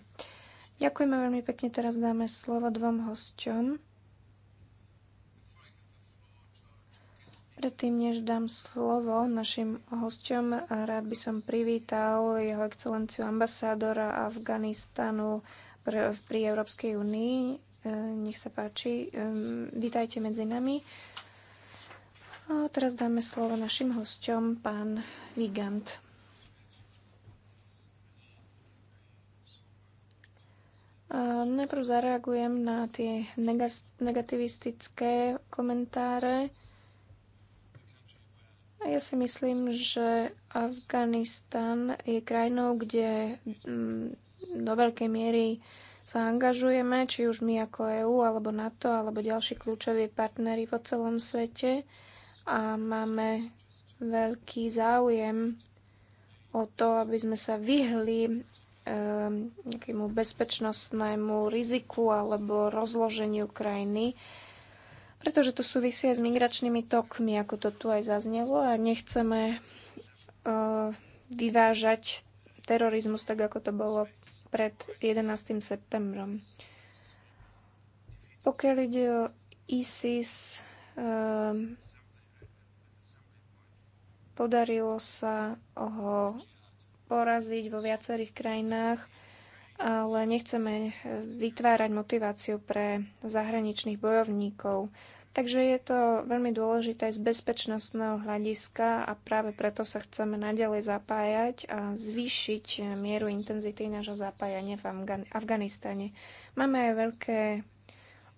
Ďakujeme veľmi pekne. Teraz dáme slovo dvom hosťom. Predtým, než dám slovo našim hosťom, rád by som privítal jeho excelenciu ambasádora Afganistanu pri Európskej únii. Eh, nech sa páči. Vítajte medzi nami. A teraz dáme slovo našim hosťom, pán Vigant. Najprv zareagujem na tie negativistické komentáre. Ja si myslím, že Afganistan je krajinou, kde mm, do veľkej miery sa angažujeme, či už my ako EÚ, alebo NATO, alebo ďalší kľúčoví partnery po celom svete a máme veľký záujem o to, aby sme sa vyhli nejakému bezpečnostnému riziku alebo rozloženiu krajiny, pretože to súvisí aj s migračnými tokmi, ako to tu aj zaznelo a nechceme eh, vyvážať terorizmus tak, ako to bolo pred 11. septembrom. Pokiaľ ide o ISIS, Podarilo sa ho poraziť vo viacerých krajinách, ale nechceme vytvárať motiváciu pre zahraničných bojovníkov. Takže je to veľmi dôležité z bezpečnostného hľadiska a práve preto sa chceme naďalej zapájať a zvýšiť mieru intenzity nášho zapájania v Afganistane. Máme aj veľké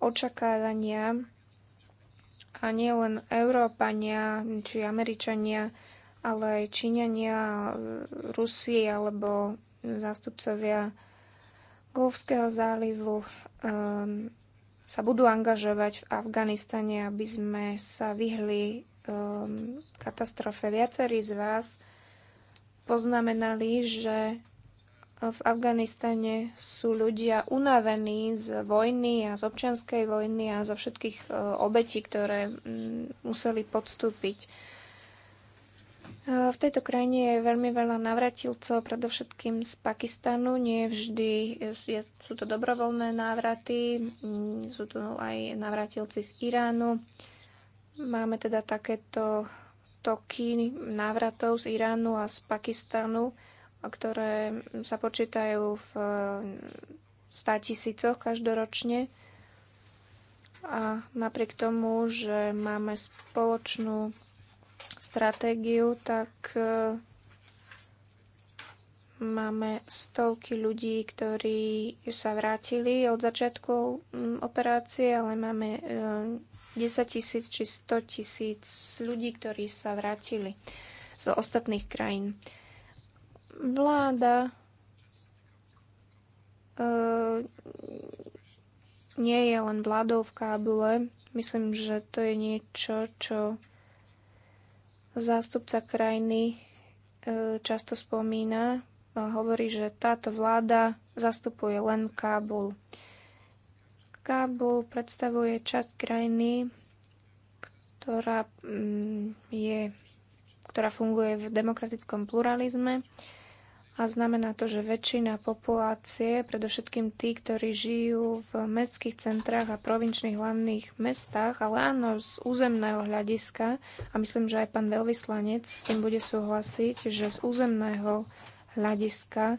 očakávania a nie len Európania či Američania, ale aj Číňania, Rusi alebo zástupcovia Golfského zálivu um, sa budú angažovať v Afganistane, aby sme sa vyhli um, katastrofe. Viacerí z vás poznamenali, že v Afganistane sú ľudia unavení z vojny a z občianskej vojny a zo všetkých e, obetí, ktoré museli podstúpiť. E, v tejto krajine je veľmi veľa navratilcov, predovšetkým z Pakistanu. Nie vždy je, sú to dobrovoľné návraty, sú tu aj navratilci z Iránu. Máme teda takéto toky návratov z Iránu a z Pakistanu ktoré sa počítajú v 100 eh, tisícoch každoročne. A napriek tomu, že máme spoločnú stratégiu, tak eh, máme stovky ľudí, ktorí sa vrátili od začiatku hm, operácie, ale máme 10 eh, tisíc či 100 tisíc ľudí, ktorí sa vrátili z ostatných krajín. Vláda uh, nie je len vládou v Kábule. Myslím, že to je niečo, čo zástupca krajiny uh, často spomína. Uh, hovorí, že táto vláda zastupuje len Kábul. Kábul predstavuje časť krajiny, ktorá, mm, je, ktorá funguje v demokratickom pluralizme a znamená to, že väčšina populácie, predovšetkým tí, ktorí žijú v mestských centrách a provinčných hlavných mestách, ale áno, z územného hľadiska, a myslím, že aj pán veľvyslanec s tým bude súhlasiť, že z územného hľadiska e,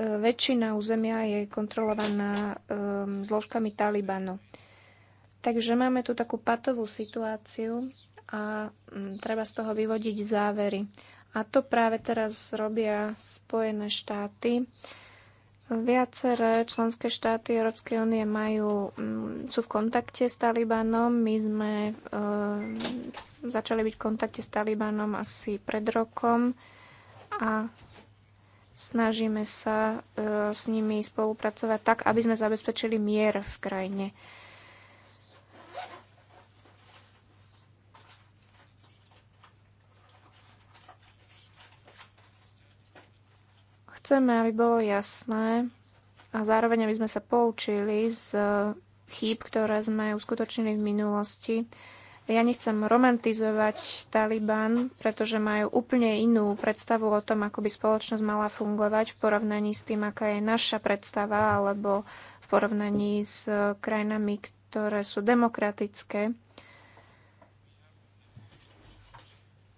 väčšina územia je kontrolovaná e, zložkami Talibanu. Takže máme tu takú patovú situáciu a mm, treba z toho vyvodiť závery. A to práve teraz robia Spojené štáty. Viaceré členské štáty Európskej únie majú, mm, sú v kontakte s Talibanom. My sme e, začali byť v kontakte s Talibanom asi pred rokom a snažíme sa e, s nimi spolupracovať tak, aby sme zabezpečili mier v krajine. E, Chceme, aby bolo jasné a zároveň, aby sme sa poučili z eh, chýb, ktoré sme uskutočnili v minulosti. Ja nechcem romantizovať Taliban, pretože majú úplne inú predstavu o tom, ako by spoločnosť mala fungovať v porovnaní s tým, aká je naša predstava, alebo v porovnaní s eh, krajinami, ktoré sú demokratické.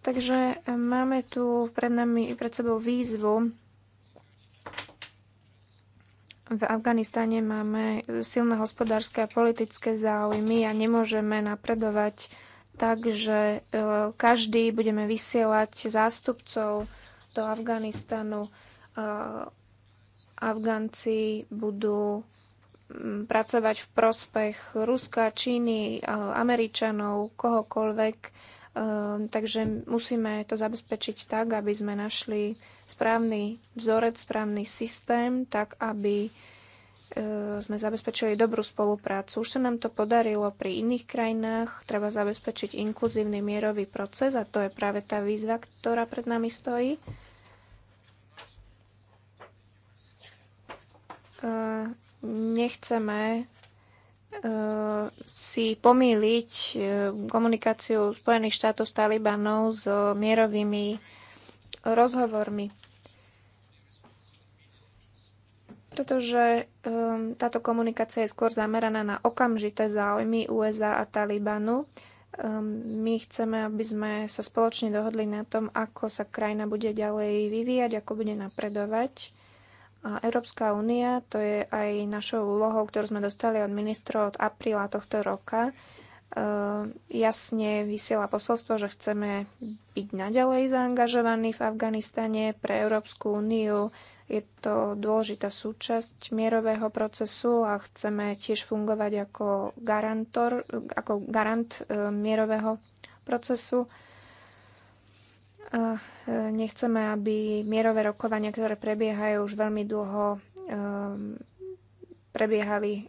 Takže eh, máme tu pred, nami, pred sebou výzvu v Afganistane máme silné hospodárske a politické záujmy a nemôžeme napredovať tak, že e, každý budeme vysielať zástupcov do Afganistanu. E, Afganci budú pracovať v prospech Ruska, Číny, e, Američanov, kohokoľvek Ehm, takže musíme to zabezpečiť tak, aby sme našli správny vzorec, správny systém, tak aby e, sme zabezpečili dobrú spoluprácu. Už sa nám to podarilo pri iných krajinách. Treba zabezpečiť inkluzívny mierový proces a to je práve tá výzva, ktorá pred nami stojí. Ehm, nechceme E, si pomýliť e, komunikáciu Spojených štátov s Talibanov s mierovými rozhovormi. Pretože um, táto komunikácia je skôr zameraná na okamžité záujmy USA a Talibanu. Um, my chceme, aby sme sa spoločne dohodli na tom, ako sa krajina bude ďalej vyvíjať, ako bude napredovať a Európska únia, to je aj našou úlohou, ktorú sme dostali od ministrov od apríla tohto roka, e, jasne vysiela posolstvo, že chceme byť naďalej zaangažovaní v Afganistane pre Európsku úniu. Je to dôležitá súčasť mierového procesu a chceme tiež fungovať ako, garantor, ako garant e, mierového procesu. E, nechceme, aby mierové rokovania, ktoré prebiehajú už veľmi dlho, e, prebiehali e,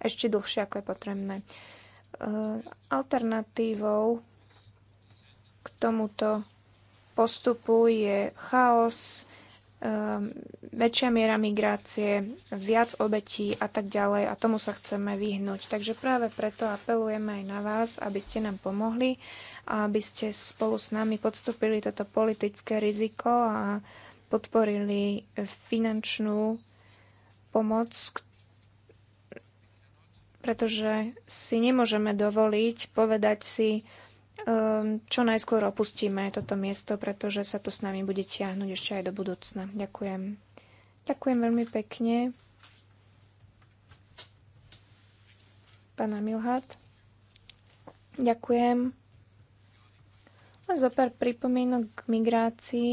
ešte dlhšie, ako je potrebné. Alternatívou k tomuto postupu je chaos, väčšia miera migrácie, viac obetí a tak ďalej a tomu sa chceme vyhnúť. Takže práve preto apelujeme aj na vás, aby ste nám pomohli aby ste spolu s nami podstúpili toto politické riziko a podporili finančnú pomoc, pretože si nemôžeme dovoliť povedať si, ehm, čo najskôr opustíme toto miesto, pretože sa to s nami bude tiahnuť ešte aj do budúcna. Ďakujem. Ďakujem veľmi pekne. Pána Milhat. Ďakujem. Len zo pár pripomienok k migrácii.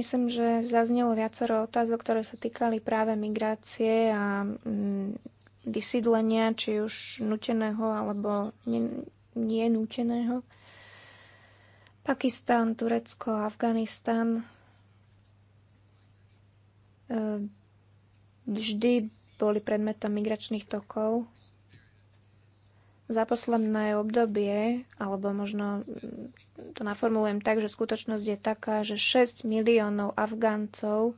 Myslím, že zaznelo viacero otázok, ktoré sa týkali práve migrácie a mm, vysídlenia, či už nuteného alebo nenúteného. Pakistan, Turecko, Afganistan e, vždy boli predmetom migračných tokov. Za posledné obdobie, alebo možno to naformulujem tak, že skutočnosť je taká, že 6 miliónov Afgáncov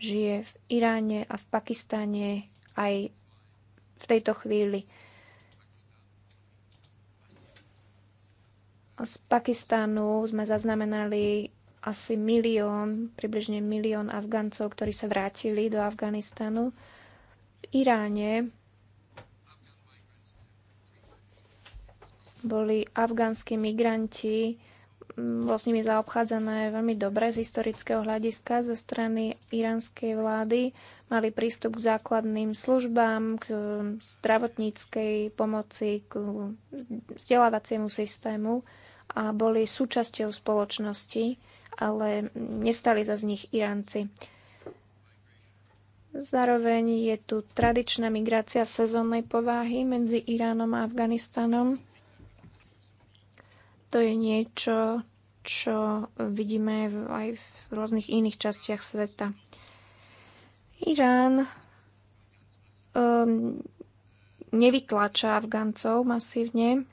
žije v Iráne a v Pakistane aj v tejto chvíli. Z Pakistánu sme zaznamenali asi milión, približne milión Afgáncov, ktorí sa vrátili do Afganistanu. V Iráne boli afgánsky migranti s vlastne nimi zaobchádzané veľmi dobre z historického hľadiska zo strany iránskej vlády. Mali prístup k základným službám, k zdravotníckej pomoci, k vzdelávaciemu systému a boli súčasťou spoločnosti, ale nestali za z nich Iránci. Zároveň je tu tradičná migrácia sezónnej povahy medzi Iránom a Afganistanom. To je niečo, čo vidíme aj v rôznych iných častiach sveta. Irán um, nevytlača Afgáncov masívne.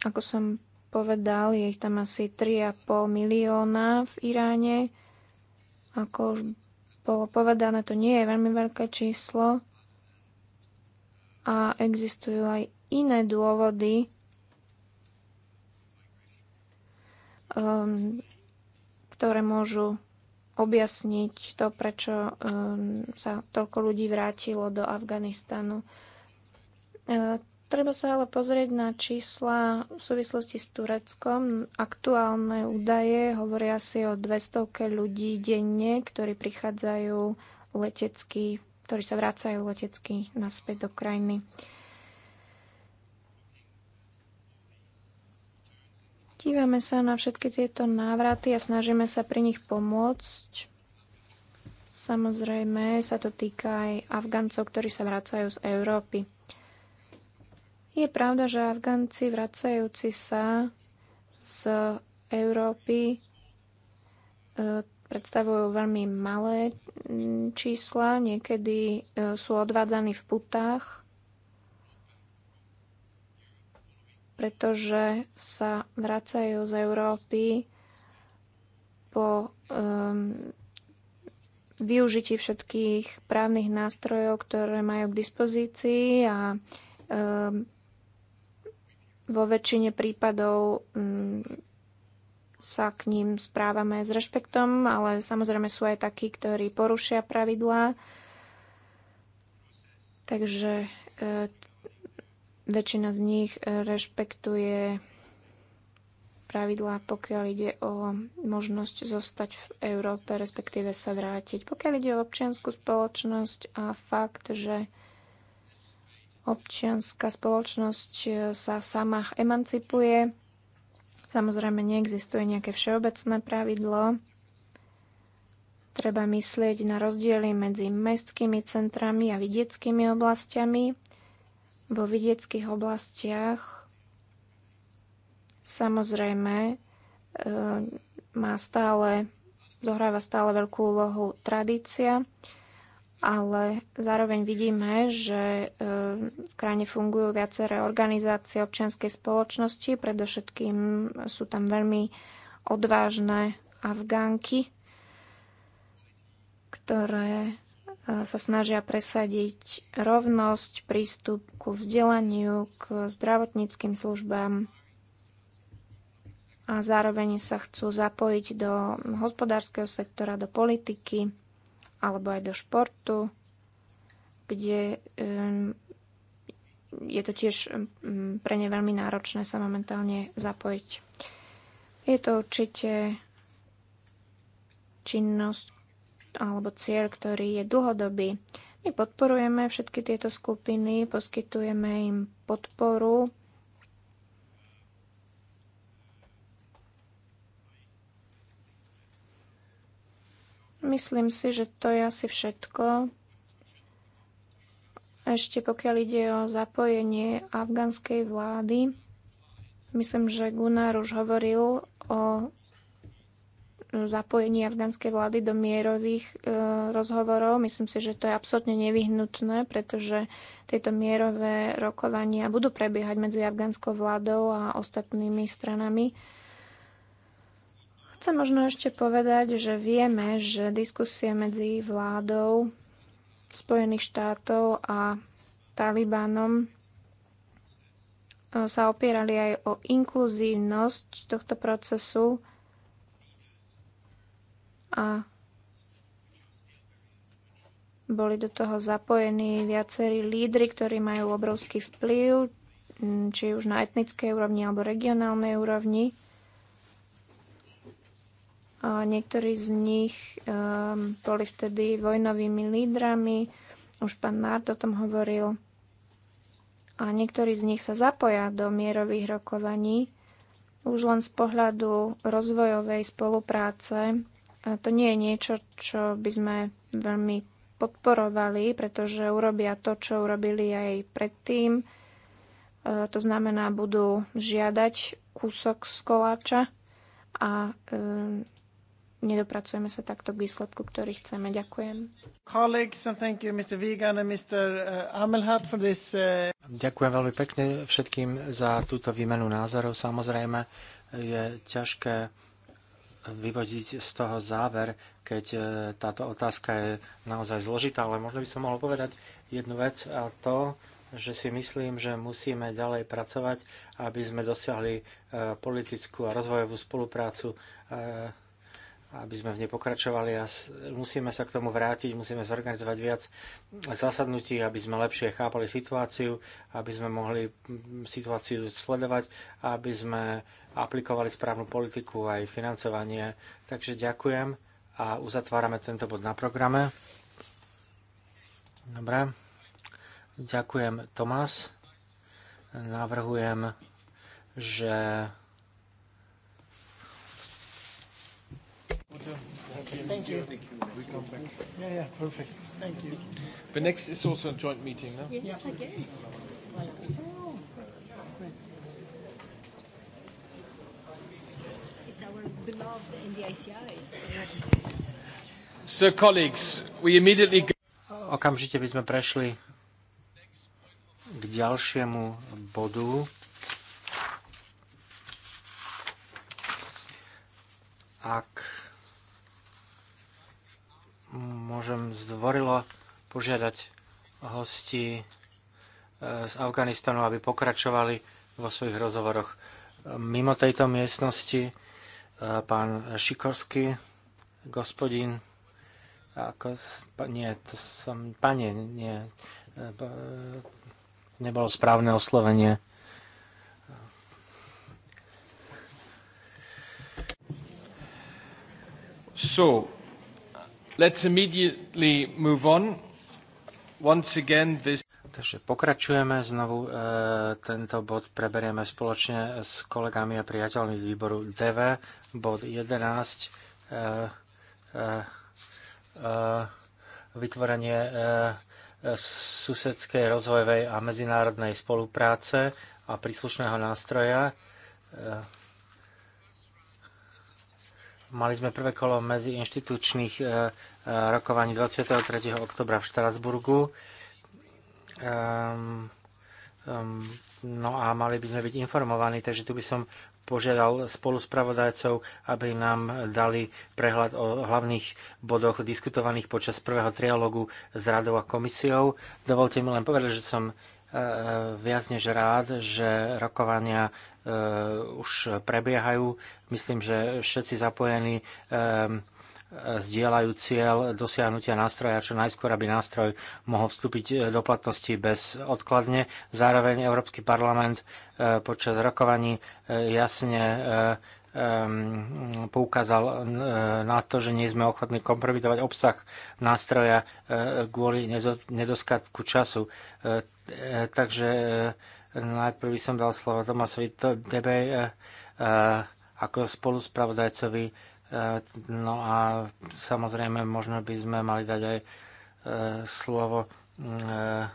Ako som povedal, je ich tam asi 3,5 milióna v Iráne. Ako už bolo povedané, to nie je veľmi veľké číslo. A existujú aj iné dôvody, um, ktoré môžu objasniť to, prečo um, sa toľko ľudí vrátilo do Afganistanu. Uh, treba sa ale pozrieť na čísla v súvislosti s Tureckom. Aktuálne údaje hovoria si o 200 ľudí denne, ktorí prichádzajú letecky, ktorí sa vracajú letecky naspäť do krajiny. Uh, Dívame sa na všetky tieto návraty a snažíme sa pri nich pomôcť. Samozrejme sa to týka aj Afgáncov, ktorí sa vracajú z Európy. Je pravda, že Afgánci vracajúci sa z Európy e, predstavujú veľmi malé čísla, niekedy e, sú odvádzaní v putách pretože sa vracajú z Európy po um, využití všetkých právnych nástrojov, ktoré majú k dispozícii a um, vo väčšine prípadov um, sa k ním správame s rešpektom, ale samozrejme sú aj takí, ktorí porušia pravidlá. Takže e, Väčšina z nich rešpektuje pravidlá, pokiaľ ide o možnosť zostať v Európe, respektíve sa vrátiť. Pokiaľ ide o občianskú spoločnosť a fakt, že občianská spoločnosť sa sama emancipuje, samozrejme neexistuje nejaké všeobecné pravidlo. Treba myslieť na rozdiely medzi mestskými centrami a vidieckými oblastiami vo vidieckých oblastiach samozrejme e, má stále, zohráva stále veľkú úlohu tradícia, ale zároveň vidíme, že e, v krajine fungujú viaceré organizácie občianskej spoločnosti, predovšetkým sú tam veľmi odvážne Afgánky, ktoré sa snažia presadiť rovnosť, prístup ku vzdelaniu, k zdravotníckým službám a zároveň sa chcú zapojiť do hospodárskeho sektora, do politiky alebo aj do športu, kde je to tiež pre ne veľmi náročné sa momentálne zapojiť. Je to určite činnosť, alebo cieľ, ktorý je dlhodobý. My podporujeme všetky tieto skupiny, poskytujeme im podporu. Myslím si, že to je asi všetko. Ešte pokiaľ ide o zapojenie afganskej vlády, myslím, že Gunnar už hovoril o zapojenie afgánskej vlády do mierových e, rozhovorov. Myslím si, že to je absolútne nevyhnutné, pretože tieto mierové rokovania budú prebiehať medzi afgánskou vládou a ostatnými stranami. Chcem možno ešte povedať, že vieme, že diskusie medzi vládou Spojených štátov a Talibanom e, sa opierali aj o inkluzívnosť tohto procesu a boli do toho zapojení viacerí lídry, ktorí majú obrovský vplyv, či už na etnickej úrovni alebo regionálnej úrovni. A niektorí z nich um, boli vtedy vojnovými lídrami, už pán Nárd o tom hovoril. A niektorí z nich sa zapoja do mierových rokovaní už len z pohľadu rozvojovej spolupráce to nie je niečo, čo by sme veľmi podporovali, pretože urobia to, čo urobili aj predtým. E, to znamená, budú žiadať kúsok z koláča a e, nedopracujeme sa takto k výsledku, ktorý chceme. Ďakujem. Uh, Ďakujem veľmi pekne všetkým za túto výmenu názorov. Samozrejme, je ťažké vyvodiť z toho záver, keď e, táto otázka je naozaj zložitá, ale možno by som mohol povedať jednu vec a to, že si myslím, že musíme ďalej pracovať, aby sme dosiahli e, politickú a rozvojovú spoluprácu e, aby sme v nej pokračovali a musíme sa k tomu vrátiť, musíme zorganizovať viac zasadnutí, aby sme lepšie chápali situáciu, aby sme mohli situáciu sledovať, aby sme aplikovali správnu politiku aj financovanie. Takže ďakujem a uzatvárame tento bod na programe. Dobre. Ďakujem, Tomás. Navrhujem, že Thank you. We come back. Yeah, yeah, perfect. Thank you. The next is also a joint meeting, no? Yes, yeah. I guess. Oh. It's our beloved NDICI. So, colleagues, we immediately go... Okamžite by sme prešli k ďalšiemu bodu. Ak môžem zdvorilo požiadať hosti e, z Afganistanu, aby pokračovali vo svojich rozhovoroch. Mimo tejto miestnosti e, pán Šikorský, gospodín, ako, nie, to som, pane, nie, e, nebolo správne oslovenie. So, Let's immediately move on. Once again, this... Takže pokračujeme znovu. E, tento bod preberieme spoločne s kolegami a priateľmi z výboru DV. Bod 11. E, e, e, vytvorenie e, susedskej rozvojovej a medzinárodnej spolupráce a príslušného nástroja. E, Mali sme prvé kolo medzi inštitučných e, e, rokovaní 23. oktobra v Štrasburgu. Ehm, ehm, no a mali by sme byť informovaní, takže tu by som požiadal spoluspravodajcov, aby nám dali prehľad o hlavných bodoch diskutovaných počas prvého trialógu s radou a komisiou. Dovolte mi len povedať, že som Eh, viac než rád, že rokovania eh, už prebiehajú. Myslím, že všetci zapojení eh, zdieľajú cieľ dosiahnutia nástroja čo najskôr, aby nástroj mohol vstúpiť do platnosti bezodkladne. Zároveň Európsky parlament počas rokovaní jasne Ehm, poukázal eh, na to, že nie sme ochotní kompromitovať obsah nástroja eh, kvôli nedostatku času. Eh, takže najprv by som dal slovo Tomasovi Debe ako spoluspravodajcovi. No a samozrejme možno by sme mali dať aj slovo ehm,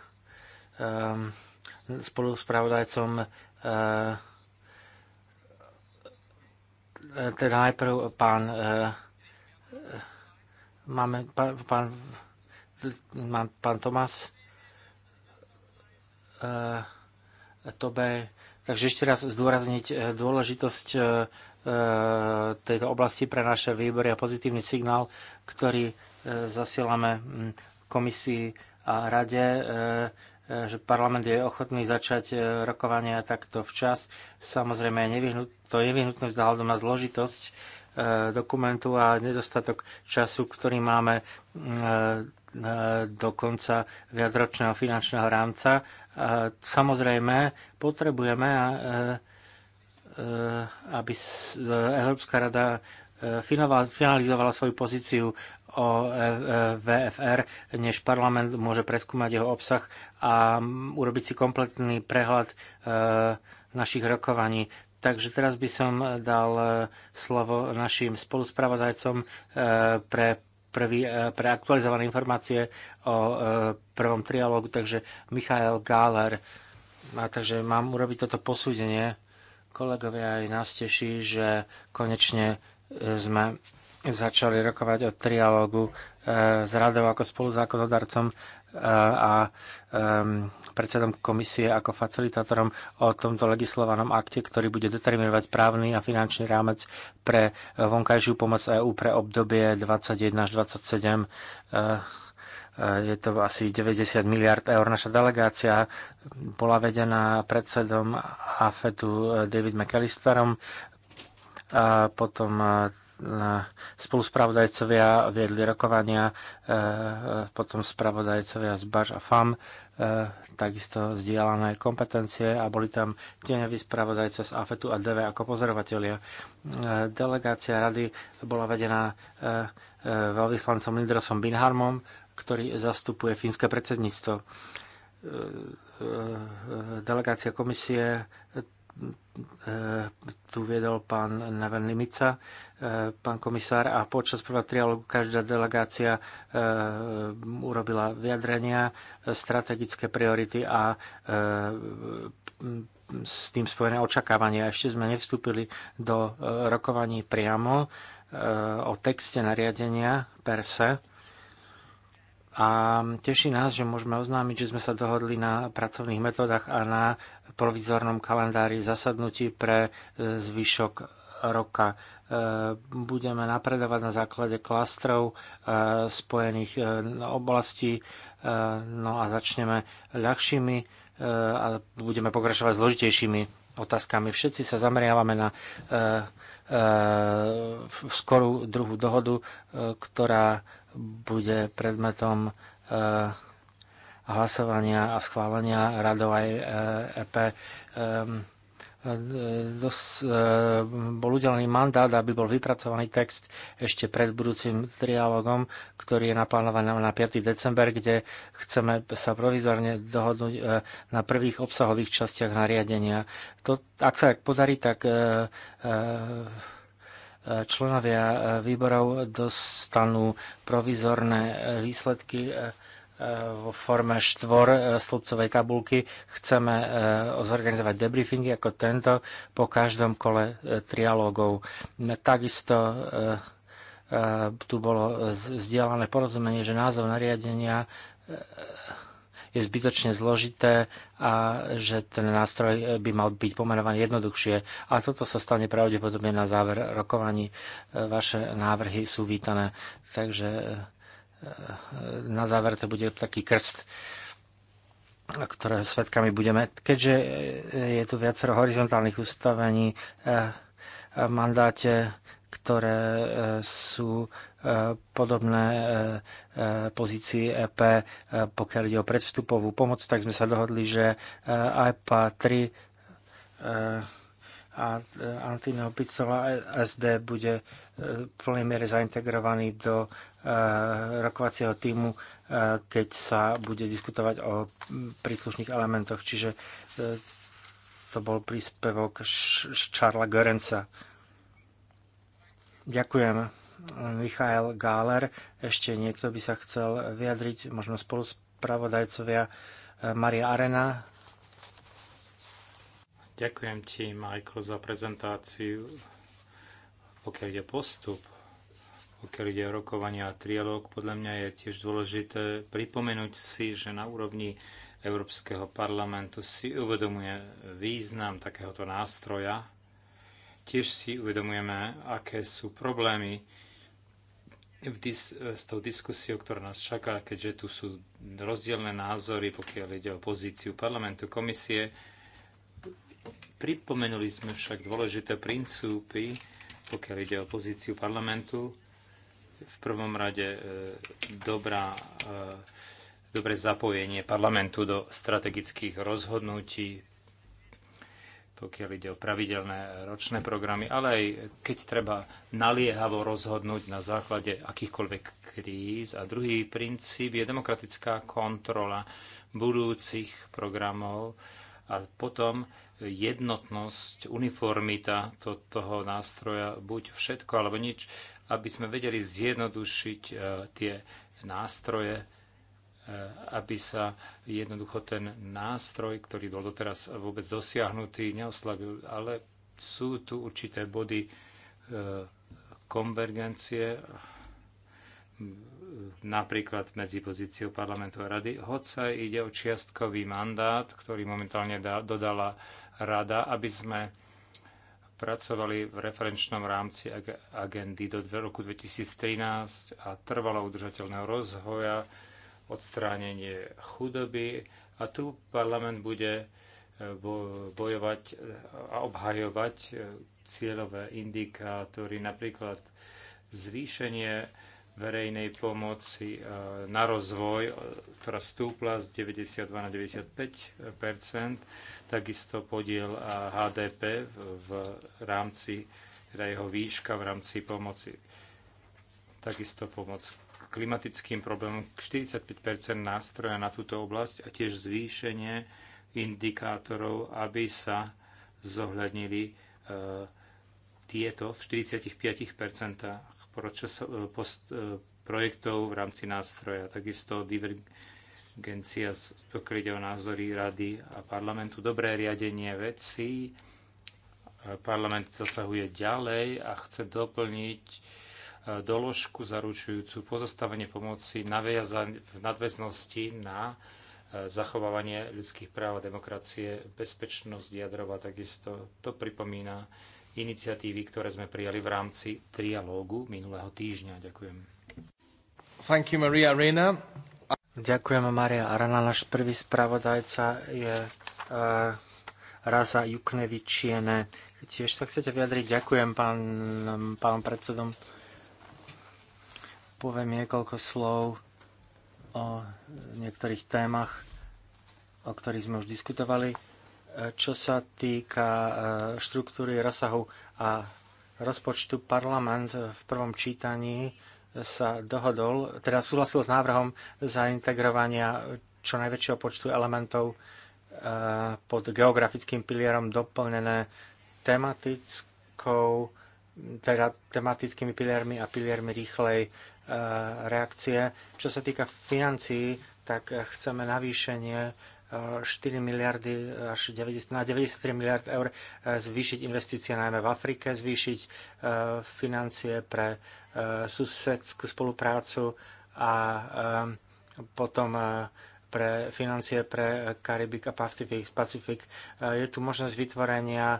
spoluspravodajcom spravodajcom teda najprv pán eh, máme pán, pán, pán, pán Tomás eh, Tobe. Takže ešte raz zdôrazniť eh, dôležitosť tejto oblasti pre naše výbory a pozitívny signál, ktorý zasielame hm, komisii a rade E, že parlament je ochotný začať e, rokovania takto včas. Samozrejme, to je nevyhnutné vzhľadom na zložitosť e, dokumentu a nedostatok času, ktorý máme do konca viacročného finančného rámca. Samozrejme, potrebujeme, aby Európska rada finalizovala svoju pozíciu o e e VFR, než parlament môže preskúmať jeho obsah a urobiť si kompletný prehľad e, našich rokovaní. Takže teraz by som dal slovo našim spoluspravodajcom pre, prvý, pre aktualizované informácie o prvom trialógu, takže Michael Gáler. A takže mám urobiť toto posúdenie. Kolegovia aj nás teší, že konečne sme začali rokovať o trialógu e, s radou ako spoluzákonodarcom e, a predsedom komisie ako facilitátorom o tomto legislovanom akte, ktorý bude determinovať právny a finančný rámec pre vonkajšiu pomoc EÚ pre obdobie 21 až 27. E, je to asi 90 miliard eur. Naša delegácia bola vedená predsedom AFETu David McAllisterom, a potom spoluspravodajcovia viedli rokovania, e, potom spravodajcovia z Baž a FAM, e, takisto zdieľané kompetencie a boli tam tieňoví spravodajcov z AFETu a DV ako pozorovatelia. E, delegácia rady bola vedená veľvyslancom Lindrosom Binharmom, ktorý zastupuje fínske predsedníctvo delegácia komisie Eh, tu viedol pán Neven Limica, eh, pán komisár, a počas prvého trialogu každá delegácia eh, urobila vyjadrenia, strategické priority a s tým spojené očakávania. Ešte sme nevstúpili do rokovaní priamo o texte nariadenia per se a teší nás, že môžeme oznámiť, že sme sa dohodli na pracovných metodách a na provizornom kalendári zasadnutí pre e, zvyšok roka. E, budeme napredovať na základe klastrov e, spojených oblastí, no a začneme ľahšími a budeme pokračovať zložitejšími otázkami. Všetci sa zameriavame na skorú druhú dohodu, ktorá bude predmetom e, hlasovania a schválenia radov aj EP. E e, bol udelený mandát, aby bol vypracovaný text ešte pred budúcim trialogom, ktorý je naplánovaný na 5. december, kde chceme sa provizorne dohodnúť na prvých obsahových častiach nariadenia. To, ak sa podarí, tak členovia e, výborov dostanú provizorné e, výsledky e, vo forme štvor slupcovej tabulky. Chceme zorganizovať debriefingy ako tento po každom kole trialógov. Takisto tu bolo zdieľané porozumenie, že názov nariadenia je zbytočne zložité a že ten nástroj by mal byť pomenovaný jednoduchšie. A toto sa stane pravdepodobne na záver rokovaní. Vaše návrhy sú vítané. Takže eh, na záver to bude taký krst ktoré svetkami budeme. Keďže eh, je tu viacero horizontálnych ustavení eh, v mandáte ktoré e, sú e, podobné e, pozícii EP, pokiaľ ide o predvstupovú pomoc, tak sme sa dohodli, že IPA 3 a Antonio Picola SD bude v plnej miere zaintegrovaný do rokovacieho týmu, keď sa bude diskutovať o príslušných elementoch. Čiže to bol príspevok Charlesa Görenca. Ďakujem, Michael Gáler. Ešte niekto by sa chcel vyjadriť, možno spravodajcovia eh, Maria Arena. Ďakujem ti, Michael, za prezentáciu. Pokiaľ ide postup, pokiaľ ide rokovania a trialóg, podľa mňa je tiež dôležité pripomenúť si, že na úrovni Európskeho parlamentu si uvedomuje význam takéhoto nástroja, Tiež si uvedomujeme, aké sú problémy dis- s tou diskusiou, ktorá nás čaká, keďže tu sú rozdielne názory, pokiaľ ide o pozíciu parlamentu, komisie. Pripomenuli sme však dôležité princípy, pokiaľ ide o pozíciu parlamentu. V prvom rade e, dobrá, e, dobré zapojenie parlamentu do strategických rozhodnutí pokiaľ ide o pravidelné ročné programy, ale aj keď treba naliehavo rozhodnúť na základe akýchkoľvek kríz. A druhý princíp je demokratická kontrola budúcich programov a potom jednotnosť, uniformita to, toho nástroja, buď všetko alebo nič, aby sme vedeli zjednodušiť e, tie nástroje Eh, aby sa jednoducho ten nástroj, ktorý bol doteraz vôbec dosiahnutý, neoslabil. Ale sú tu určité body eh, konvergencie, hm, napríklad medzi pozíciou parlamentu a rady, hoca ide o čiastkový mandát, ktorý momentálne dodala rada, aby sme pracovali v referenčnom rámci agendy do roku 2013 a trvalo udržateľného rozvoja, odstránenie chudoby a tu parlament bude e, bojovať e, a obhajovať e, cieľové indikátory, napríklad zvýšenie verejnej pomoci na rozvoj, ktorá stúpla z 92 na 95 takisto podiel HDP v rámci, teda jeho výška v rámci pomoci. Takisto pomoc klimatickým problémom 45 nástroja na túto oblasť a tiež zvýšenie indikátorov, aby sa zohľadnili e, tieto v 45 e, e, projektov v rámci nástroja. Takisto divergencia, pokiaľ o názory rady a parlamentu, dobré riadenie vecí. Parlament zasahuje ďalej a chce doplniť doložku zaručujúcu pozastavenie pomoci v nadväznosti na e, zachovávanie ľudských práv a demokracie, bezpečnosť jadrova takisto. To pripomína iniciatívy, ktoré sme prijali v rámci trialógu minulého týždňa. Ďakujem. Thank you, Maria Arena. Ďakujem, Maria Arana. Náš prvý spravodajca je uh, Raza Juknevičiene. Tiež sa chcete vyjadriť? Ďakujem, pán, pán predsedom poviem niekoľko slov o niektorých témach, o ktorých sme už diskutovali. E, čo sa týka e, štruktúry rozsahu a rozpočtu, parlament v prvom čítaní sa dohodol, teda súhlasil s návrhom zaintegrovania čo najväčšieho počtu elementov e, pod geografickým pilierom doplnené tematickou, teda tematickými piliermi a piliermi rýchlej Eh, reakcie. Čo sa týka financií, tak chceme navýšenie 4 eh, miliardy až 90, na 93 miliard eur eh, zvýšiť investície najmä v Afrike, zvýšiť financie pre susedskú spoluprácu a potom pre financie pre Karibik a Pacific Pacific. E, je tu možnosť vytvorenia e,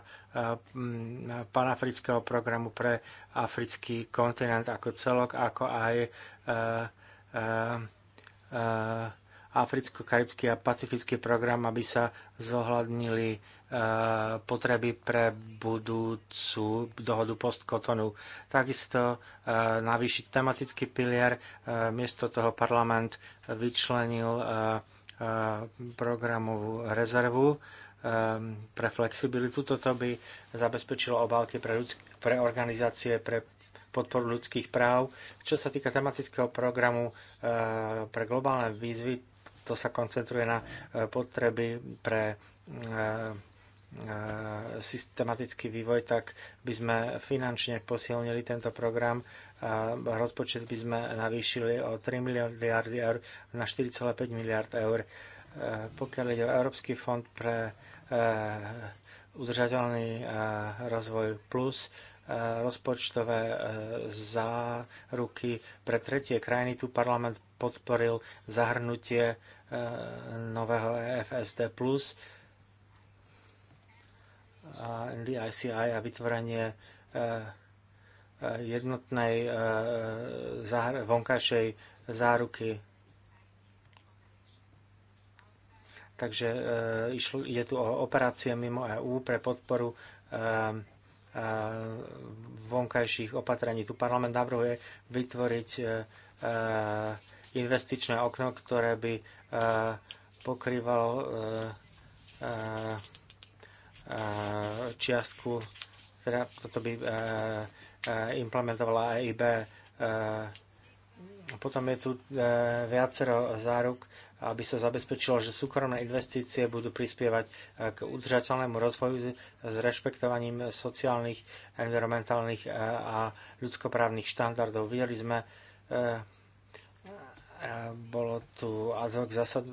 panafrického programu pre africký kontinent ako celok, ako aj e, africko-karibský a pacifický program, aby sa zohľadnili E, potreby pre budúcu dohodu postkotonu. Takisto e, navýšiť tematický pilier. E, miesto toho parlament vyčlenil programovú rezervu pre flexibilitu. Toto by zabezpečilo obálky pre, ľudsk- pre organizácie, pre podporu ľudských práv. Čo sa týka tematického programu pre globálne výzvy, to sa koncentruje na potreby pre E, systematický vývoj, tak by sme finančne posilnili tento program a rozpočet by sme navýšili o 3 miliardy eur na 4,5 miliard eur. E, pokiaľ ide o Európsky fond pre e, udržateľný rozvoj plus, rozpočtové záruky pre tretie krajiny. Tu parlament podporil zahrnutie nového EFSD+, plus a NDICI a vytvorenie e, e, jednotnej e, vonkajšej záruky. Takže je tu o operácie mimo EÚ pre podporu vonkajších opatrení. Tu parlament navrhuje vytvoriť investičné okno, ktoré by pokrývalo Eh, čiastku, teda toto by eh, eh, implementovala EIB. Potom je tu viacero záruk, aby sa zabezpečilo, že súkromné investície budú prispievať k udržateľnému rozvoju s rešpektovaním sociálnych, environmentálnych a ľudskoprávnych štandardov. Videli sme, bolo tu ad hoc, zasad,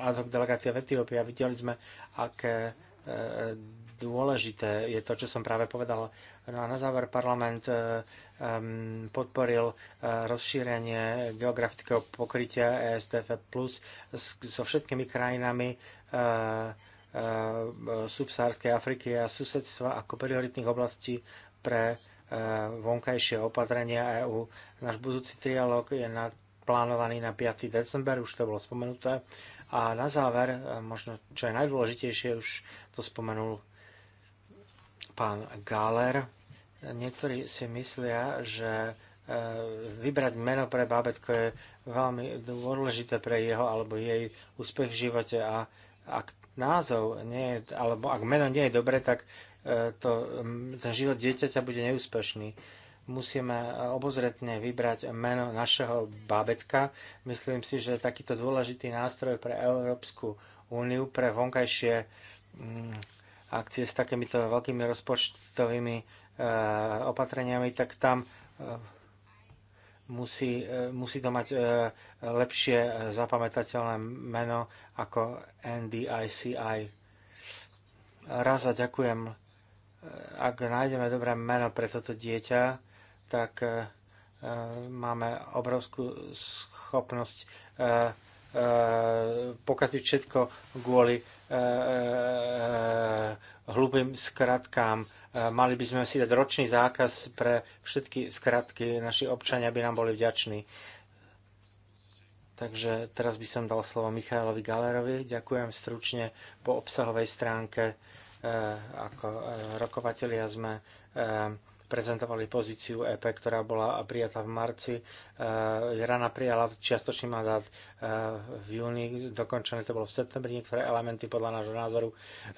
ad hoc delegácia v Etiópii a videli sme, aké dôležité je to, čo som práve povedal. No a na záver parlament eh, podporil eh, rozšírenie geografického pokrytia ESTF plus so všetkými krajinami eh, subsárskej Afriky a susedstva ako prioritných oblastí pre vonkajšie opatrenia EÚ. Náš budúci trialog je na plánovaný na 5. december, už to bolo spomenuté, a na záver, e, možno čo je najdôležitejšie, už to spomenul pán Galer, niektorí si myslia, že e, vybrať meno pre bábetko je veľmi dôležité pre jeho alebo jej úspech v živote a ak názov nie je, alebo ak meno nie je dobre, tak e, to, ten život dieťaťa bude neúspešný musíme e, obozretne vybrať meno našeho bábetka. Myslím si, že takýto dôležitý nástroj pre Európsku úniu, pre vonkajšie mm, akcie s takýmito veľkými rozpočtovými e, opatreniami, tak tam e, musí, musí to mať lepšie zapamätateľné meno ako NDICI. Raz a ďakujem, ak nájdeme dobré meno pre toto dieťa, tak eh, eh, máme obrovskú schopnosť eh, pokaziť všetko kvôli hlubým skratkám. Mali by sme si dať ročný zákaz pre všetky skratky. Naši občania by nám boli vďační. Takže teraz by som dal slovo Michailovi Galerovi. Ďakujem stručne po obsahovej stránke. Ako rokovatelia sme prezentovali pozíciu EP, ktorá bola prijatá v marci. E, rana prijala čiastočný mandát e, v júni, dokončené to bolo v septembri. Niektoré elementy, podľa nášho názoru, e,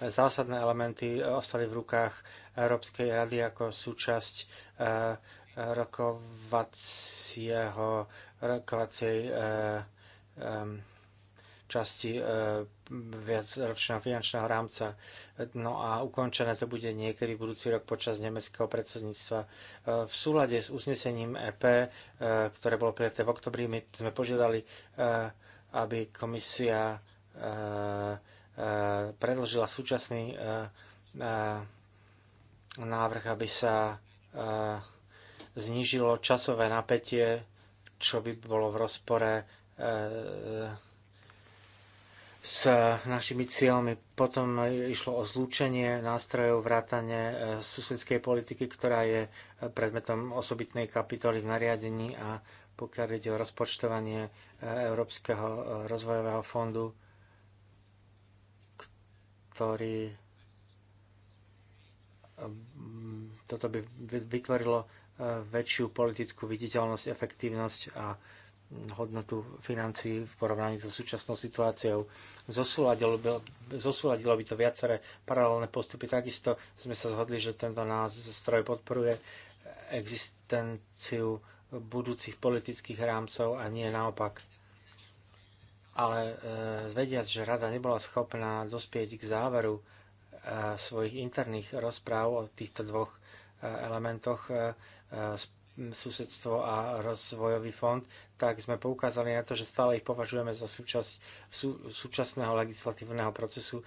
zásadné elementy ostali v rukách Európskej rady ako súčasť rokovacieho, rokovacej časti e, viacročného finančného rámca. No a ukončené to bude niekedy budúci rok počas nemeckého predsedníctva. E, v súlade s uznesením EP, e, ktoré bolo prijaté v oktobri, my sme požiadali, aby komisia predložila súčasný návrh, aby sa znížilo časové napätie, čo by bolo v rozpore s našimi cieľmi. Potom išlo o zlúčenie nástrojov vrátane e, susedskej politiky, ktorá je e, predmetom osobitnej kapitoly v nariadení a pokiaľ ide o rozpočtovanie e, Európskeho rozvojového fondu, ktorý toto by vytvorilo väčšiu politickú viditeľnosť, efektívnosť a hodnotu financií v porovnaní so súčasnou situáciou. Zosúladilo by, zosúladilo by to viaceré paralelné postupy. Takisto sme sa zhodli, že tento nástroj podporuje existenciu budúcich politických rámcov a nie naopak. Ale e, vediac, že rada nebola schopná dospieť k záveru e, svojich interných rozpráv o týchto dvoch e, elementoch, e, e susedstvo a rozvojový fond, tak sme poukázali na to, že stále ich považujeme za súčasť sú, súčasného legislatívneho procesu,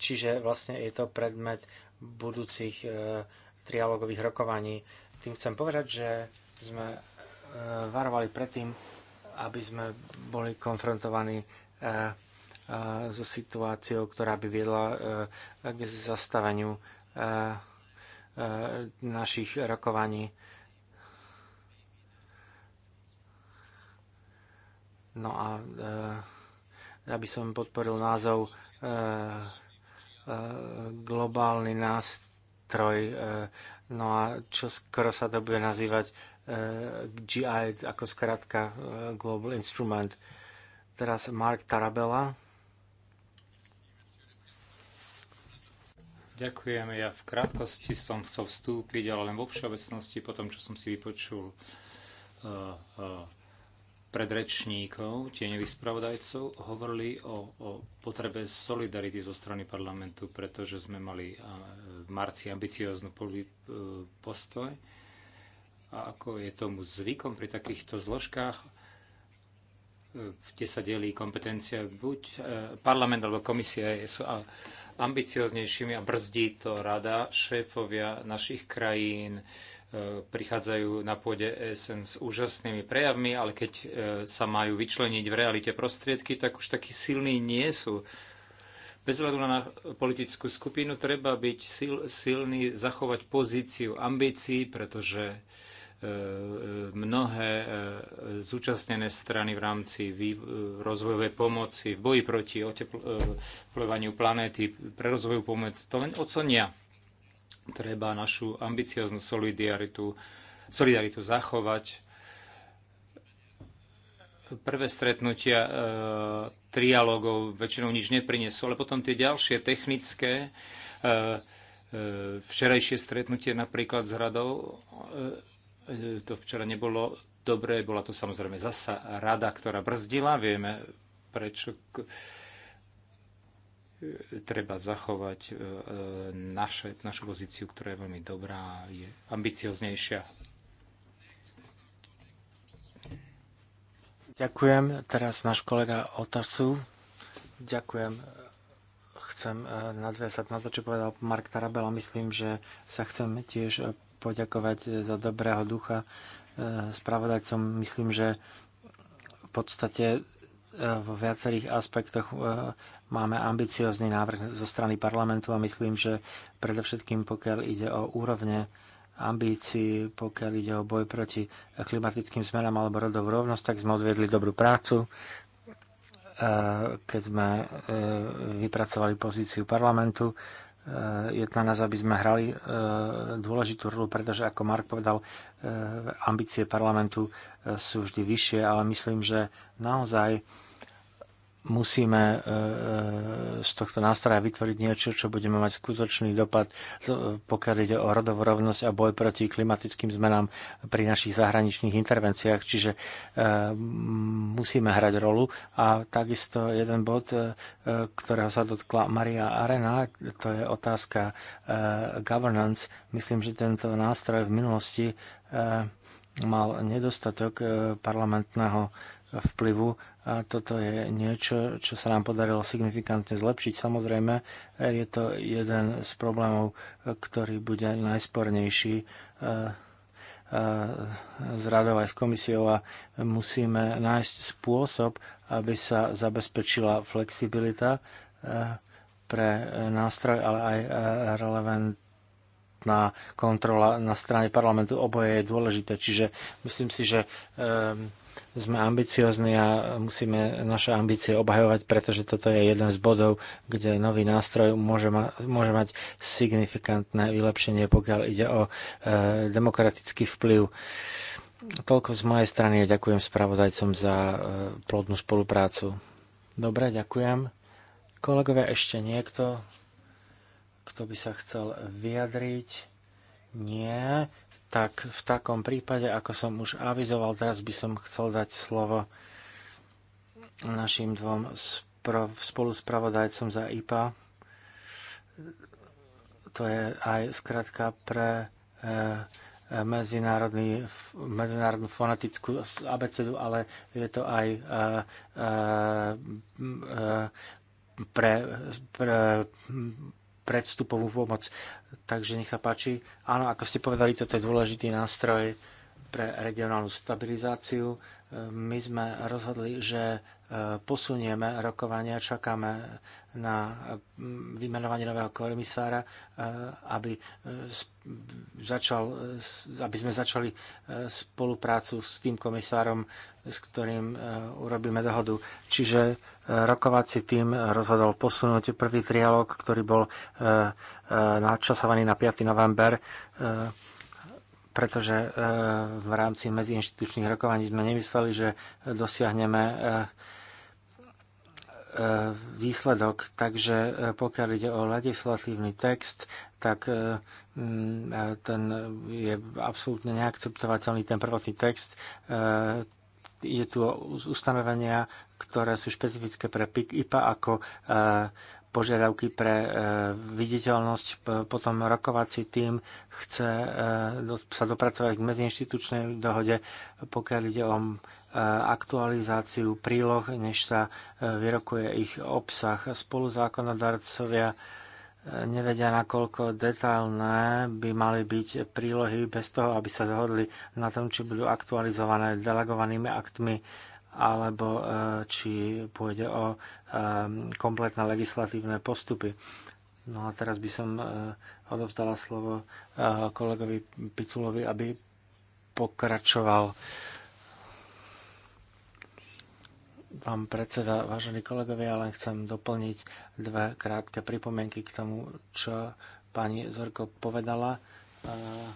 čiže vlastne je to predmet budúcich e, trialogových rokovaní. Tým chcem povedať, že sme e, varovali predtým, aby sme boli konfrontovaní e, e so situáciou, ktorá by viedla e, k zastaveniu e, našich rokovaní No a eh, ja by som podporil názov eh, eh, globálny nástroj. No a čo skoro sa to bude nazývať GI ako skratka Global Instrument. Teraz Mark Tarabella. Ďakujem. Ja v krátkosti som chcel vstúpiť, ale len vo všeobecnosti po tom, čo som si vypočul uh, uh, predrečníkov, tieňových spravodajcov, hovorili o, o potrebe solidarity zo strany parlamentu, pretože sme mali v marci ambicióznu e, postoj. A ako je tomu zvykom pri takýchto zložkách, e, kde sa delí kompetencia, buď e, parlament alebo komisia sú ambicioznejšími a brzdí to rada, šéfovia našich krajín, prichádzajú na pôde e SN s úžasnými prejavmi, ale keď e, sa majú vyčleniť v realite prostriedky, tak už takí silní nie sú. Bez hľadu na politickú skupinu treba byť sil, silný, zachovať pozíciu ambícií, pretože e, mnohé zúčastnené strany v rámci rozvojovej pomoci, v boji proti oteplevaniu planéty, pre rozvojovú pomoc, to len ocenia treba našu ambicioznú solidaritu, solidaritu zachovať. Prvé stretnutia e, trialógov väčšinou nič neprinesú, ale potom tie ďalšie technické, e, e, včerajšie stretnutie napríklad s radou, e, e to včera nebolo dobré, bola to samozrejme zasa rada, ktorá brzdila, vieme prečo treba zachovať e, naše, našu pozíciu, ktorá je veľmi dobrá, je ambicioznejšia. Ďakujem. Teraz náš kolega Otasu. Ďakujem. Chcem e, nadviazať na to, čo povedal Mark Tarabela. Myslím, že sa chcem tiež poďakovať za dobrého ducha e, spravodajcom. Myslím, že v podstate v viacerých aspektoch e, máme ambiciózny návrh zo strany parlamentu a myslím, že predovšetkým pokiaľ ide o úrovne ambícií, pokiaľ ide o boj proti klimatickým zmenám alebo rodovú rovnosť, tak sme odviedli dobrú prácu, e, keď sme e, vypracovali pozíciu parlamentu Eh, je na nás, aby sme hrali eh, dôležitú rolu, pretože ako Mark povedal, eh, ambície parlamentu sú vždy vyššie, ale myslím, že naozaj musíme e, e, z tohto nástroja vytvoriť niečo, čo budeme mať skutočný dopad, pokiaľ ide o rodovú rovnosť a boj proti klimatickým zmenám pri našich zahraničných intervenciách. Čiže e, musíme hrať rolu. A takisto jeden bod, ktorého sa dotkla Maria Arena, to je otázka governance. Myslím, že tento nástroj v minulosti mal nedostatok parlamentného vplyvu a toto je niečo, čo sa nám podarilo signifikantne zlepšiť. Samozrejme, je to jeden z problémov, ktorý bude najspornejší e, e, z radov aj s komisiou a musíme nájsť spôsob, aby sa zabezpečila flexibilita e, pre nástroj, ale aj relevantná kontrola na strane parlamentu. Oboje je dôležité, čiže myslím si, že sme ambiciozni a musíme naše ambície obhajovať, pretože toto je jeden z bodov, kde nový nástroj môže, ma, môže mať signifikantné vylepšenie, pokiaľ ide o e, demokratický vplyv. Toľko z mojej strany a ďakujem spravodajcom za e, plodnú spoluprácu. Dobre, ďakujem. Kolegovia, ešte niekto, kto by sa chcel vyjadriť? Nie tak v takom prípade, ako som už avizoval, teraz by som chcel dať slovo našim dvom spoluspravodajcom za IPA. To je aj skratka pre eh, eh, medzinárodný, medzinárodnú fonetickú abecedu, ale je to aj eh, pre, pre predstupovú pomoc. Takže nech sa páči. Áno, ako ste povedali, toto je dôležitý nástroj pre regionálnu stabilizáciu. My sme rozhodli, že posunieme rokovania, čakáme na mm, vymenovanie nového komisára, e, aby, e, začal, aby sme začali e, spoluprácu s tým komisárom, s ktorým urobíme dohodu. Čiže rokovací tým rozhodol posunúť prvý trialog, ktorý bol načasovaný na 5. november pretože v rámci medziinštitučných rokovaní sme nemysleli, že dosiahneme E, výsledok. Takže e, pokiaľ ide o legislatívny text, tak e, ten je absolútne neakceptovateľný, ten prvotný text. Je tu ustanovenia, ktoré sú špecifické pre PIK, IPA ako požiadavky pre e, viditeľnosť. Potom rokovací tým chce e, sa dopracovať k medziinstitučnej dohode, pokiaľ ide o e, aktualizáciu príloh, než sa vyrokuje ich obsah. Spoluzákonodarcovia nevedia, nakoľko detailné by mali byť prílohy bez toho, aby sa zhodli na tom, či budú aktualizované delegovanými aktmi alebo e, či pôjde o e, kompletné legislatívne postupy. No a teraz by som e, odovzdala slovo kolegovi Piculovi, aby pokračoval. Vám predseda, vážení kolegovia, ja len chcem doplniť dve krátke pripomienky k tomu, čo pani Zorko povedala. Uh,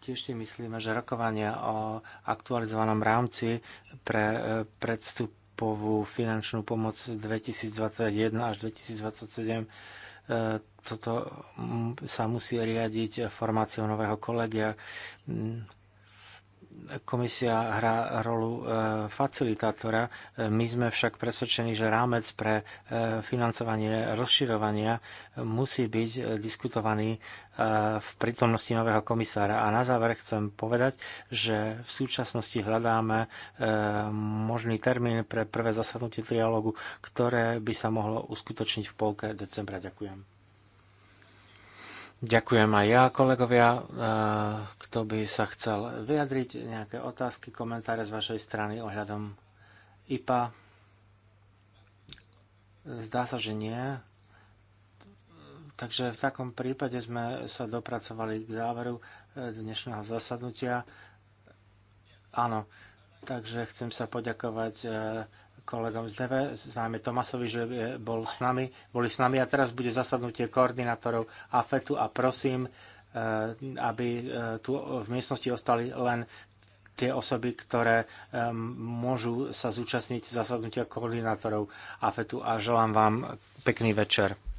Tiež si myslíme, že rokovania o aktualizovanom rámci pre e, predstupovú finančnú pomoc 2021 až 2027 e, toto sa musí riadiť formáciou nového kolegia komisia hrá rolu e, facilitátora. E, my sme však presvedčení, že rámec pre e, financovanie rozširovania musí byť diskutovaný v prítomnosti nového komisára. A na záver chcem povedať, že v súčasnosti hľadáme možný termín pre prvé zasadnutie trialógu, ktoré by sa mohlo uskutočniť v polke decembra. Ďakujem. Ďakujem aj ja, kolegovia. Eh, kto by sa chcel vyjadriť, nejaké otázky, komentáre z vašej strany ohľadom IPA? Zdá sa, že nie. Takže v takom prípade sme sa dopracovali k záveru eh, dnešného zasadnutia. Áno, takže chcem sa poďakovať eh, kolegom z DV, známe Tomasovi, že bol s nami, boli s nami a teraz bude zasadnutie koordinátorov AFETu a prosím, eh, aby eh, tu v miestnosti ostali len tie osoby, ktoré eh, môžu sa zúčastniť zasadnutia koordinátorov AFETu a želám vám pekný večer.